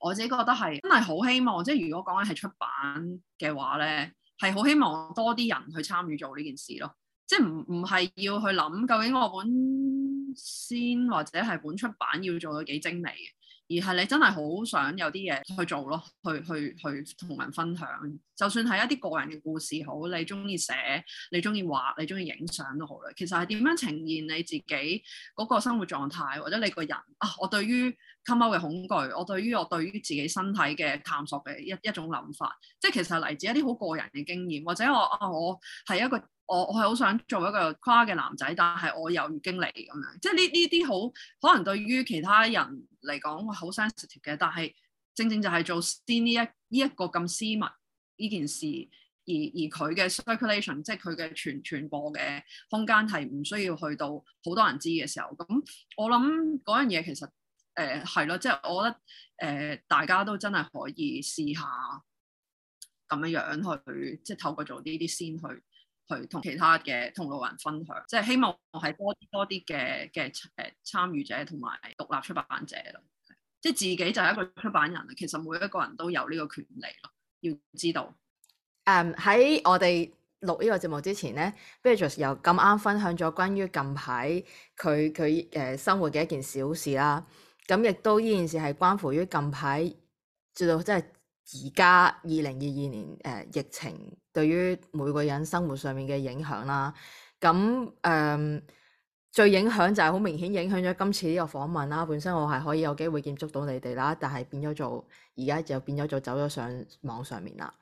S3: 我自己覺得係真係好希望，即係如果講緊係出版嘅話咧，係好希望多啲人去參與做呢件事咯。即係唔唔係要去諗究竟我本先或者係本出版要做到幾精美嘅。而係你真係好想有啲嘢去做咯，去去去同人分享，就算係一啲個人嘅故事好，你鍾意寫，你鍾意畫，你鍾意影相都好啦。其實係點樣呈現你自己嗰個生活狀態，或者你個人啊，我對於 come out 嘅恐懼，我對於我對於自己身體嘅探索嘅一一種諗法，即係其實係嚟自一啲好個人嘅經驗，或者我啊，我係一個。我我係好想做一個跨嘅男仔，但係我有月經嚟咁樣，即係呢呢啲好可能對於其他人嚟講好 sensitive 嘅，但係正正就係做 zine 先呢一呢一個咁私密呢件事，而而佢嘅 circulation 即係佢嘅傳傳播嘅空間係唔需要去到好多人知嘅時候，咁我諗嗰樣嘢其實誒係咯，即係我覺得誒、呃、大家都真係可以試下咁樣樣去，即係透過做呢啲先去。去同其他嘅同路人分享，即係希望我係多多啲嘅嘅誒參與者同埋獨立出版者咯，即係自己就係一個出版人啊。其實每一個人都有呢個權利咯，要知道。
S1: 誒喺、um，我哋錄呢個節目之前咧，Beatrix 又咁啱分享咗關於近排佢佢誒生活嘅一件小事啦。咁亦都呢件事係關乎於近排直到即係而家二零二二年誒、啊、疫情。對於每個人生活上面嘅影響啦，咁誒、嗯、最影響就係好明顯影響咗今次呢個訪問啦。本身我係可以有機會接觸到你哋啦，但係變咗做而家就變咗做走咗上網上面啦。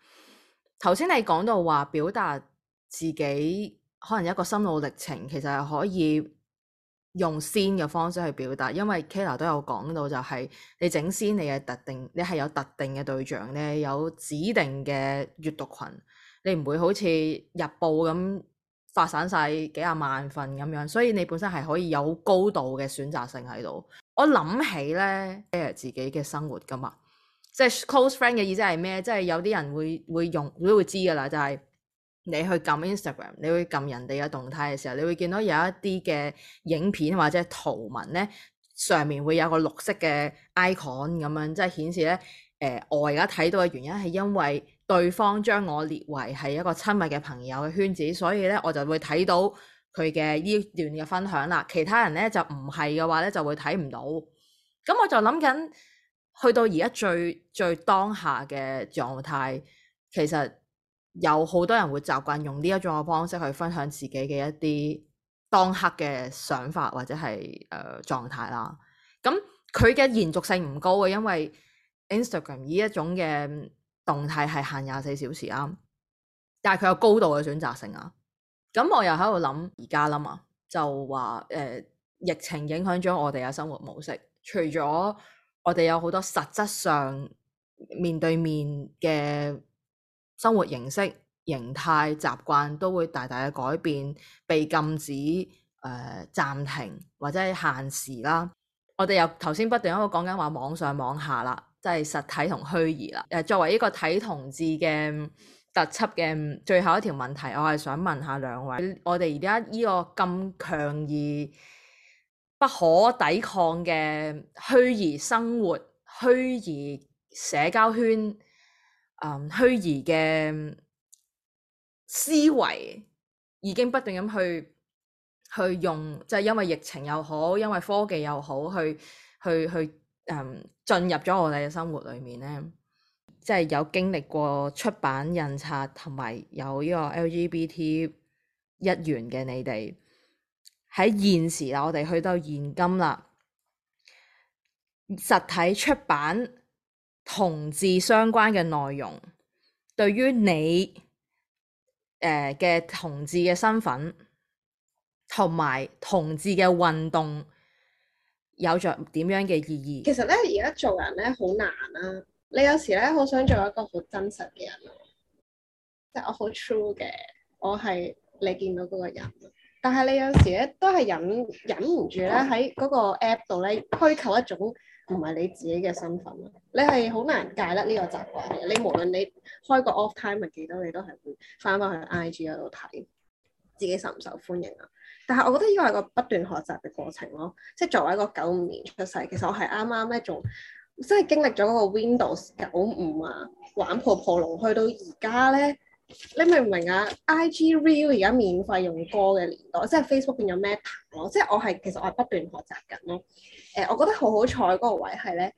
S1: 頭先你講到話表達自己可能一個心路歷程，其實係可以用 zine 嘅方式去表達，因為 Kayla 都有講到就係、是、你整 zine 你嘅特定，你係有特定嘅對象咧，你有指定嘅閱讀群。你唔會好似日報咁發散晒幾廿萬份咁樣，所以你本身係可以有高度嘅選擇性喺度。我諗起咧，自己嘅生活噶嘛，即係 close friend 嘅意思係咩？即係有啲人會會用，你都會知噶啦，就係、是、你去撳 Instagram，你會撳人哋嘅動態嘅時候，你會見到有一啲嘅影片或者圖文咧，上面會有個綠色嘅 icon 咁樣，即係顯示咧，誒、呃，我而家睇到嘅原因係因為。對方將我列為係一個親密嘅朋友嘅圈子，所以咧我就會睇到佢嘅呢段嘅分享啦。其他人咧就唔係嘅話咧就會睇唔到。咁我就諗緊，去到而家最最當下嘅狀態，其實有好多人會習慣用呢一種嘅方式去分享自己嘅一啲當刻嘅想法或者係誒狀態啦。咁佢嘅延續性唔高嘅，因為 Instagram 呢一種嘅，動態係限廿四小時啊，但係佢有高度嘅選擇性啊。咁我又喺度諗而家啦嘛，就話誒、呃，疫情影響咗我哋嘅生活模式，除咗我哋有好多實質上面對面嘅生活形式、形態、習慣都會大大嘅改變，被禁止、誒、呃、暫停或者限時啦。我哋又頭先不斷喺度講緊話網上網下啦。就係實體同虛擬啦。誒，作為呢個睇同志嘅特輯嘅最後一條問題，我係想問下兩位，我哋而家呢個咁強而不可抵抗嘅虛擬生活、虛擬社交圈、誒、嗯、虛擬嘅思維，已經不斷咁去去用，即係因為疫情又好，因為科技又好，去去去誒。嗯進入咗我哋嘅生活裏面咧，即係有經歷過出版印刷同埋有呢個 LGBT 一員嘅你哋，喺現時啦，我哋去到現今啦，實體出版同志相關嘅內容，對於你誒嘅同志嘅身份同埋同志嘅運動，有着點樣嘅意義？其實
S2: 咧，而家做人咧好難啦、啊。你有時咧好想做一個好真實嘅人，即係我好 true 嘅，我係你見到嗰個人。但係你有時咧都係忍忍唔住咧喺嗰個 app 度咧虛構一種唔係你自己嘅身份咯。你係好難戒得呢個習慣。你無論你開個 off time 係幾多，你都係會翻翻去 IG 嗰度睇自己受唔受歡迎啊。但係我覺得呢個係個不斷學習嘅過程咯，即係作為一個九五年出世，其實我係啱啱咧仲即係經歷咗嗰個 Windows 九五啊，玩泡泡龍，去到而家咧，你明唔明啊？IG Reel 而家免費用歌嘅年代，即係 Facebook 變咗 Meta 咯。即係我係其實我係不斷學習緊咯。誒、呃，我覺得好好彩嗰個位係咧，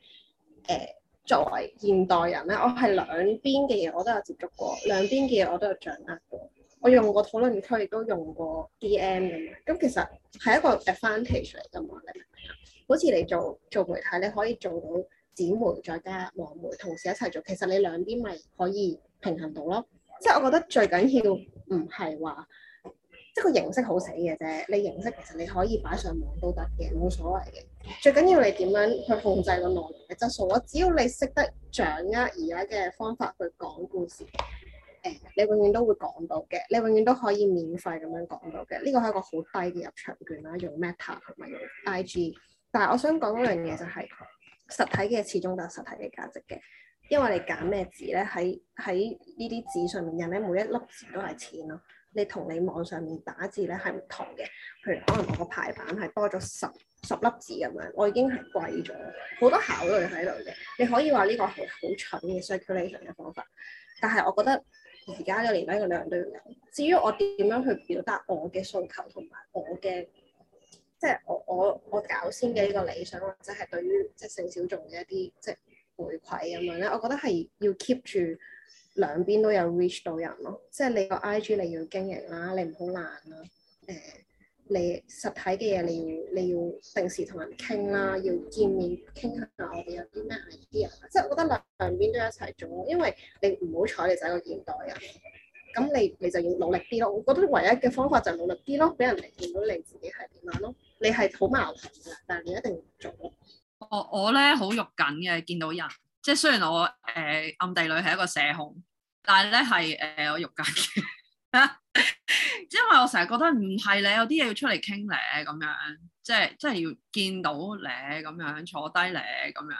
S2: 誒、呃，作為現代人咧，我係兩邊嘅嘢我都有接觸過，兩邊嘅嘢我都有掌握過。我用過討論區，亦都用過 D.M. 咁樣，咁其實係一個 advantage 嚟噶嘛，你明唔明啊？好似你做做媒體，你可以做到紙媒再加網媒同時一齊做，其實你兩邊咪可以平衡到咯。即係我覺得最緊要唔係話，即係個形式好死嘅啫。你形式其實你可以擺上網都得嘅，冇所謂嘅。最緊要你點樣去控制個內容嘅質素。只要你識得掌握而家嘅方法去講故事。誒，你永遠都會講到嘅，你永遠都可以免費咁樣講到嘅，呢個係一個好低嘅入場券啦，用 Meta 同埋用 IG。但係我想講一樣嘢就係、是，實體嘅始終都有實體嘅價值嘅，因為你揀咩字咧，喺喺呢啲字上面印咧，每一粒字都係錢咯。你同你網上面打字咧係唔同嘅，譬如可能我個排版係多咗十十粒字咁樣，我已經係貴咗好多，考慮喺度嘅。你可以話呢個係好蠢嘅 circulation 嘅方法，但係我覺得。而家嘅年齡嘅兩對都要有，至於我點樣去表達我嘅訴求同埋我嘅，即係我我我搞先嘅呢個理想，或者係對於即係性小眾嘅一啲即係回饋咁樣咧，我覺得係要 keep 住兩邊都有 reach 到人咯，即係你個 I G 你要經營啦，你唔好爛啦，誒、呃。你實體嘅嘢，你要你要定時同人傾啦，要見面傾下，我哋有啲咩 idea。即係我覺得兩邊都一齊做，因為你唔好彩，你就係一個現代人，咁你你就要努力啲咯。我覺得唯一嘅方法就係努力啲咯，俾人哋見到你自己係點樣咯。你係好矛盾㗎，但係你一定做咯。
S3: 我我咧好肉緊嘅，見到人，即係雖然我誒、呃、暗地裏係一個社恐，但係咧係誒我肉緊嘅。 因為我成日覺得唔係你有啲嘢要出嚟傾咧，咁樣即係即係要見到咧，咁樣坐低咧，咁樣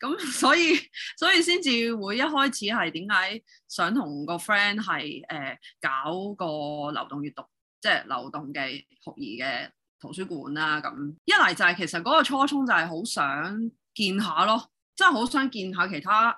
S3: 咁所以所以先至會一開始係點解想同個 friend 係誒搞個流動閱讀，即係流動嘅酷兒嘅圖書館啦。咁一嚟就係、是、其實嗰個初衷就係好想見下咯，真係好想見下其他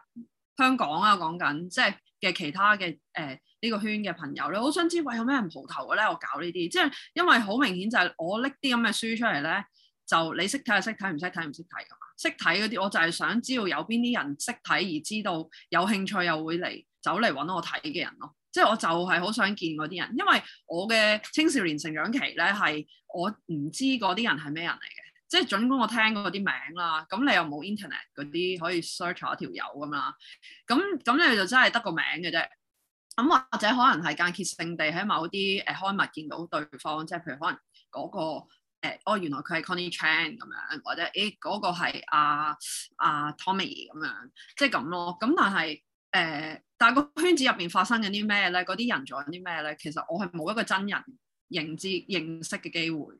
S3: 香港啊，講緊即係嘅其他嘅誒。呃呢個圈嘅朋友咧，好想知喂有咩人蒲頭嘅咧？我搞呢啲，即係因為好明顯就係我搦啲咁嘅書出嚟咧，就你識睇就識睇，唔識睇唔識睇噶嘛。識睇嗰啲，我就係想知道有邊啲人識睇而知道有興趣又會嚟走嚟揾我睇嘅人咯。即係我就係好想見嗰啲人，因為我嘅青少年成長期咧，係我唔知嗰啲人係咩人嚟嘅，即係準講我聽嗰啲名啦。咁你又冇 Internet 嗰啲可以 search 一條友咁啦。咁咁你就真係得個名嘅啫。咁或者可能係間歇性地喺某啲誒開幕見到對方，即係譬如可能嗰、那個、呃、哦原來佢係 Connie Chan 咁樣，或者誒嗰、欸那個係阿阿 Tommy 咁樣，即係咁咯。咁但係誒、呃，但係個圈子入邊發生緊啲咩咧？嗰啲人做緊啲咩咧？其實我係冇一個真人認知認識嘅機會，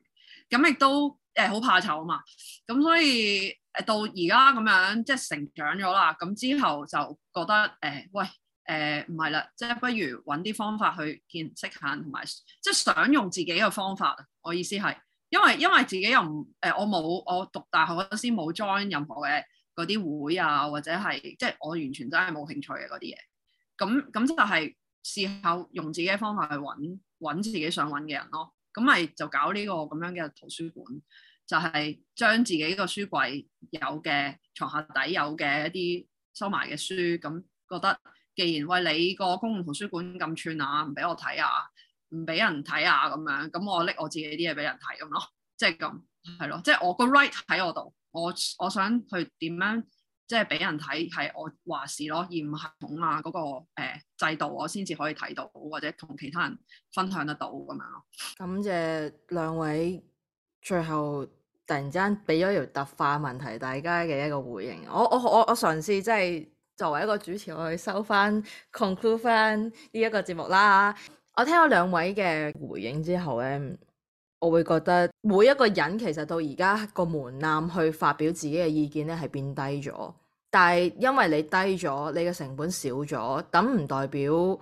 S3: 咁亦都誒好怕醜啊嘛。咁所以誒、呃、到而家咁樣即係成長咗啦，咁之後就覺得誒、呃、喂。誒唔係啦，即係不如揾啲方法去見識下，同埋即係想用自己嘅方法。我意思係，因為因為自己又唔誒、呃，我冇我讀大學嗰時冇 join 任何嘅嗰啲會啊，或者係即係我完全真係冇興趣嘅嗰啲嘢。咁咁就係試下用自己嘅方法去揾揾自己想揾嘅人咯。咁咪就搞呢、這個咁樣嘅圖書館，就係、是、將自己個書櫃有嘅、床下底有嘅一啲收埋嘅書，咁覺得。既然喂你個公共圖書館咁串啊，唔俾我睇啊，唔俾人睇啊咁樣，咁我拎我自己啲嘢俾人睇咁咯，即係咁係咯，即係我個 right 喺我度，我我想去點樣即係俾人睇係我話事咯，而唔係同啊嗰個制度，我先至可以睇到或者同其他人分享得到咁樣咯。
S1: 感謝兩位，最後突然之間俾咗條突發問題，大家嘅一個回應。我我我我嘗試即係。作為一個主持，我去收翻 conclusion 呢一個節目啦。我聽咗兩位嘅回應之後咧，我會覺得每一個人其實到而家個門檻去發表自己嘅意見咧係變低咗。但係因為你低咗，你嘅成本少咗，等唔代表誒、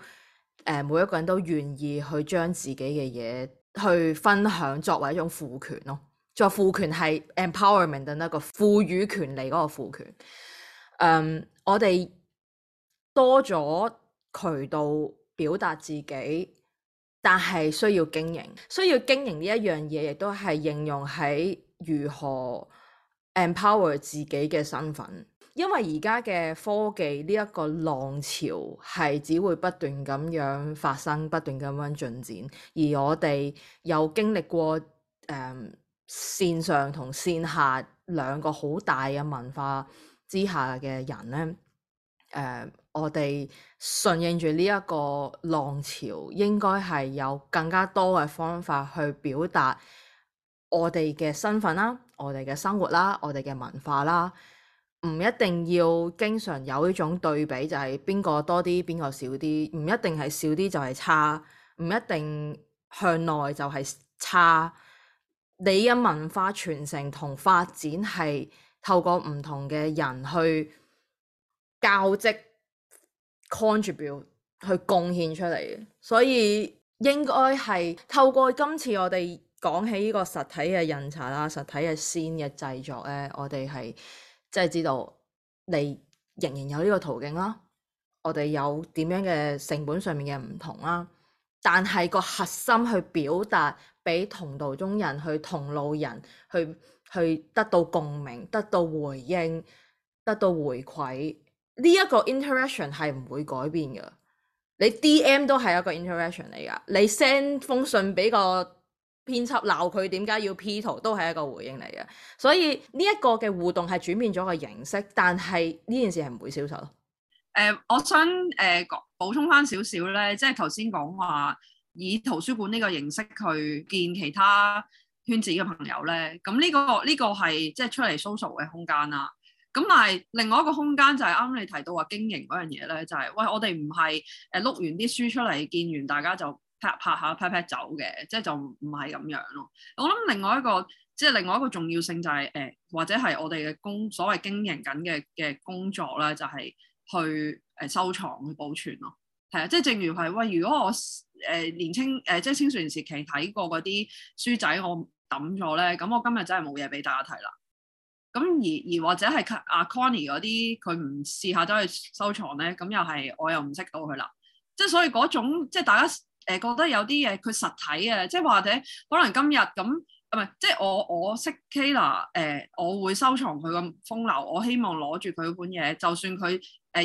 S1: 呃、每一個人都願意去將自己嘅嘢去分享，作為一種賦權咯。作為賦權係 empowerment 等一個賦予權利嗰個賦權。嗯。我哋多咗渠道表達自己，但係需要經營，需要經營呢一樣嘢，亦都係應用喺如何 empower 自己嘅身份。因為而家嘅科技呢一個浪潮係只會不斷咁樣發生，不斷咁樣進展，而我哋有經歷過誒、呃、線上同線下兩個好大嘅文化之下嘅人咧，誒、呃，我哋順應住呢一個浪潮，應該係有更加多嘅方法去表達我哋嘅身份啦、我哋嘅生活啦、我哋嘅文化啦，唔一定要經常有呢種對比，就係邊個多啲，邊個少啲，唔一定係少啲就係差，唔一定向內就係差。你嘅文化傳承同發展係。透過唔同嘅人去教職 contribute 去貢獻出嚟嘅，所以應該係透過今次我哋講起呢個實體嘅印刷啦、實體嘅 zine 嘅製作呢，我哋係即係知道你仍然有呢個途徑啦，我哋有點樣嘅成本上面嘅唔同啦，但係個核心去表達俾同道中人、去同路人去。去得到共鳴、得到回應、得到回饋，呢、這、一個 interaction 係唔會改變噶。你 DM 都係一個 interaction 嚟噶。 你 send 封信俾個編輯鬧佢點解要 P 圖，都係一個回應嚟嘅。所以呢一、這個嘅互動係轉變咗個形式，但係呢件事係唔會消失咯。誒、呃，我想誒補、呃、充翻少少咧，即係頭先講話
S3: 以圖書館呢個形式去見其他。圈子嘅朋友咧，咁、這、呢個呢、這個係即係出嚟 search 嘅空間啦。咁但係另外一個空間就係啱你提到話經營嗰樣嘢咧，就係、是、喂我哋唔係誒碌完啲書出嚟，見完大家就 pat 拍下 pat 走嘅，即係就唔係咁樣咯。我諗另外一個即係另外一個重要性就係、是、誒、呃，或者係我哋嘅工所謂經營緊嘅嘅工作咧，就係、是、去誒收藏去保存咯。係啊，即係正如係喂，如果我誒、呃、年青誒、呃、即係青少年時期睇過嗰啲書仔，我諗咗咧，咁我今日真係冇嘢俾大家睇啦。咁而而或者係阿 Connie 嗰啲，佢唔試下走去收藏咧，咁又係我又唔識到佢啦。即係所以嗰種，即係大家誒、呃、覺得有啲嘢佢實體嘅，即係或者可能今日咁唔係，即係我我識 Kayla、呃、我會收藏佢個風流，我希望攞住佢本嘢，就算佢誒、呃、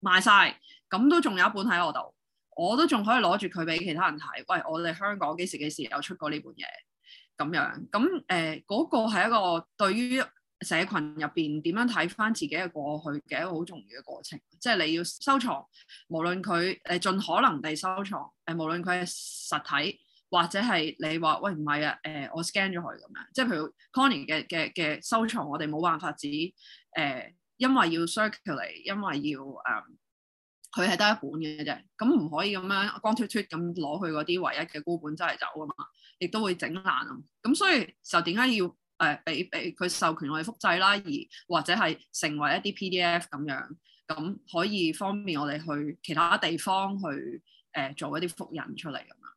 S3: 賣晒，咁都仲有一本喺我度，我都仲可以攞住佢俾其他人睇。喂，我哋香港幾時幾時有出過呢本嘢？咁樣，咁誒嗰個係一個對於社群入邊點樣睇返自己嘅過去嘅一個好重要嘅過程，即係你要收藏，無論佢誒盡可能地收藏，誒、呃、無論佢係實體或者係你話喂，唔係啊誒、呃，我 scan 咗佢咁樣，即係譬如 Connie 嘅嘅嘅收藏，我哋冇辦法只誒、呃，因為要 circulate，因為要誒，佢係得一本嘅啫，咁唔可以咁樣光脱脱咁攞去嗰啲唯一嘅孤本真走嚟走㗎嘛。亦都會整爛啊！咁所以就點解要誒俾俾佢授權我哋複製啦，而或者係成為一啲 PDF 咁樣，咁可以方便我哋去其他地方去誒、呃、做一啲複印出嚟咁啊！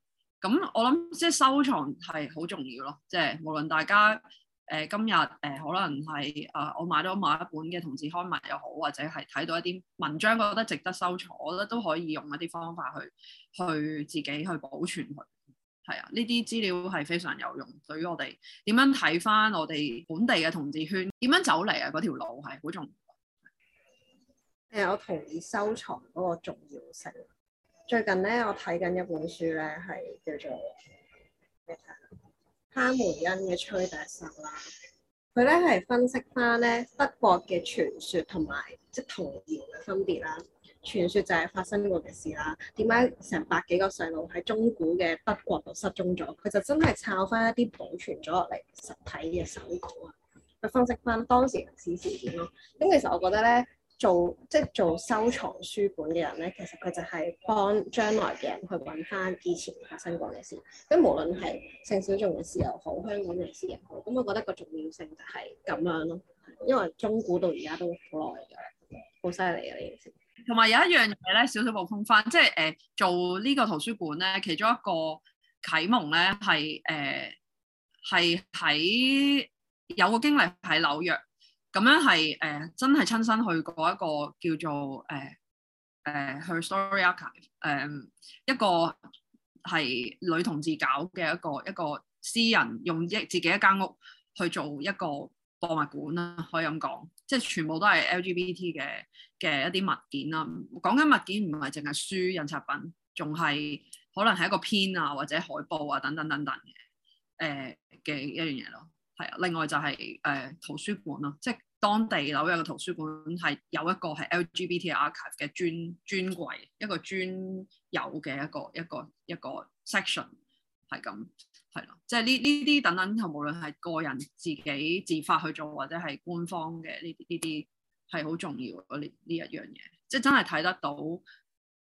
S3: 咁我諗即係收藏係好重要咯，即係無論大家誒、呃、今日誒、呃、可能係啊我買咗某一本嘅《同志刊物》又好，或者係睇到一啲文章覺得值得收藏，我覺得都可以用一啲方法去去自己去保存佢。係啊，呢啲資料係非常有用，對於我哋點樣睇翻我哋
S2: 本地嘅同志圈，點樣走嚟啊，嗰條路係好重要。誒、欸，我同意收藏嗰個重要性。最近咧，我睇緊一本書咧，係叫做《卡梅恩嘅吹笛手》啦。佢咧係分析翻咧德國嘅傳說同埋即係童謠嘅分別啦。傳說就係發生過嘅事啦。點解成百幾個細路喺中古嘅德國度失蹤咗？佢就真係抄翻一啲保存咗落嚟實體嘅手稿啊，去分析翻當時歷史事件咯。咁其實我覺得咧，做即係做收藏書本嘅人咧，其實佢就係幫將來嘅人去揾翻以前發生過嘅事。咁無論係性小眾嘅事又好，香港嘅事又好，咁我覺得個重要性就係咁樣咯。因為中古到而家都好耐㗎喇，好犀利㗎呢件事。
S3: 同埋有一樣嘢咧，小小補充翻，即係誒、呃、做呢個圖書館咧，其中一個啟蒙咧，係誒係喺有個經歷喺紐約，咁樣係誒、呃、真係親身去過一個叫做誒誒、呃呃、Herstory Archive 誒、呃、一個係女同志搞嘅一個一個私人用一自己一間屋去做一個博物館啦，可以咁講，即係全部都係 LGBT 嘅嘅一啲物件啦。講緊物件唔係淨係書印刷品，仲係可能係一個編啊或者海報啊等等等等嘅，誒、呃、嘅一樣嘢咯。係啊，另外就係、是、誒、呃、圖書館咯，即係當地紐約嘅有個圖書館係有一個係 LGBT archive 嘅專專櫃，一個專有嘅一個一個一個，一個 section 係咁。係咯，即係呢呢啲等等，就無論係個人自己自發去做，或者係官方嘅呢啲呢啲，係好重要。呢呢一樣嘢，即係真係睇得到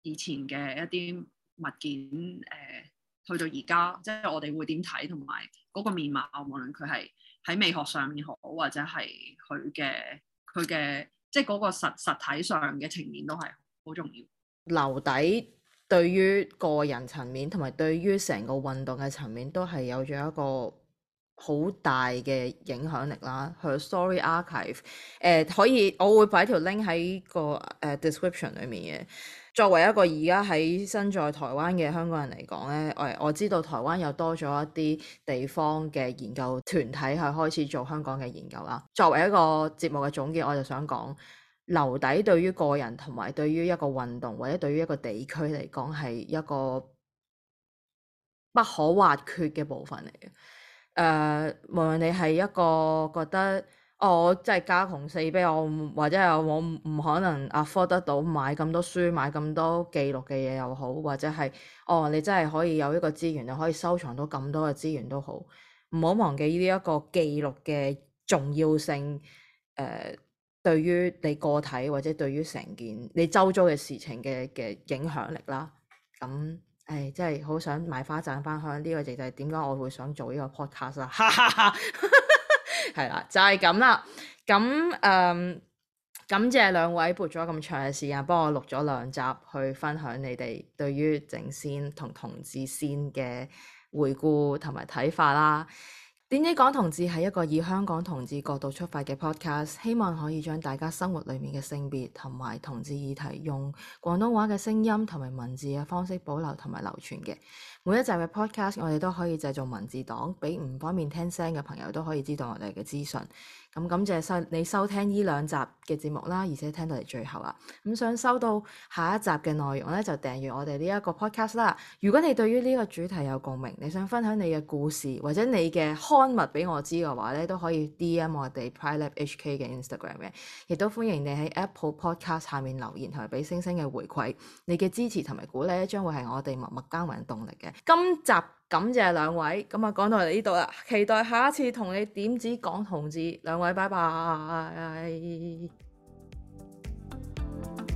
S3: 以前嘅一啲物件誒，去、呃、到而家，即係我哋會點睇，同埋嗰個面貌，無論佢係喺美學上面好，或者係佢嘅佢嘅，即係嗰個實實體上嘅情面都係好重要。
S1: 留底。對於個人層面同埋對於成個運動嘅層面都係有咗一個好大嘅影響力啦。Her story archive，誒、呃、可以我會擺條 link 喺個誒、呃、description 裡面嘅。作為一個而家喺身在台灣嘅香港人嚟講咧，誒，我，我知道台灣又多咗一啲地方嘅研究團體係開始做香港嘅研究啦。作為一個節目嘅總結，我就想講。留底對於個人同埋對於一個運動，或者對於一個地區嚟講，係一個不可或缺嘅部分嚟嘅。誒、呃，無論你係一個覺得、哦、我真係家窮四壁，我或者係我唔可能 afford 得到買咁多書、買咁多記錄嘅嘢又好，或者係哦，你真係可以有一個資源，你可以收藏到咁多嘅資源都好，唔好忘記呢一個記錄嘅重要性。誒、呃。對於你個體或者對於成件你周遭嘅事情嘅嘅影響力啦，咁誒即係好想買花讚翻香，呢個就係點解我會想做呢個 podcast 啦，哈哈哈，係啦，就係、是、咁啦，咁誒、嗯、感謝兩位撥咗咁長嘅時間幫我錄咗兩集去分享你哋對於整 zine 同同志 zine 嘅回顧同埋睇法啦。點知講同志係一個以香港同志角度出發嘅 podcast，希望可以將大家生活裡面嘅性別同埋同志議題，用廣東話嘅聲音同埋文字嘅方式保留同埋流傳嘅。每一集嘅 podcast，我哋都可以製造文字檔，俾唔方便聽聲嘅朋友都可以知道我哋嘅資訊。咁感謝收你收聽呢兩集嘅節目啦，而且聽到你最後啦。咁想收到下一集嘅內容咧，就訂閱我哋呢一個 podcast 啦。如果你對於呢個主題有共鳴，你想分享你嘅故事或者你嘅刊物俾我知嘅話咧，都可以 DM 我哋 PrideLab HK 嘅 Instagram 嘅。亦都歡迎你喺 Apple Podcast 下面留言同埋俾星星嘅回饋。你嘅支持同埋鼓勵將會係我哋默默耕耘動力嘅。今集。感謝兩位，咁啊講到嚟呢度啦，期待下一次同你點止講同志，兩位拜拜。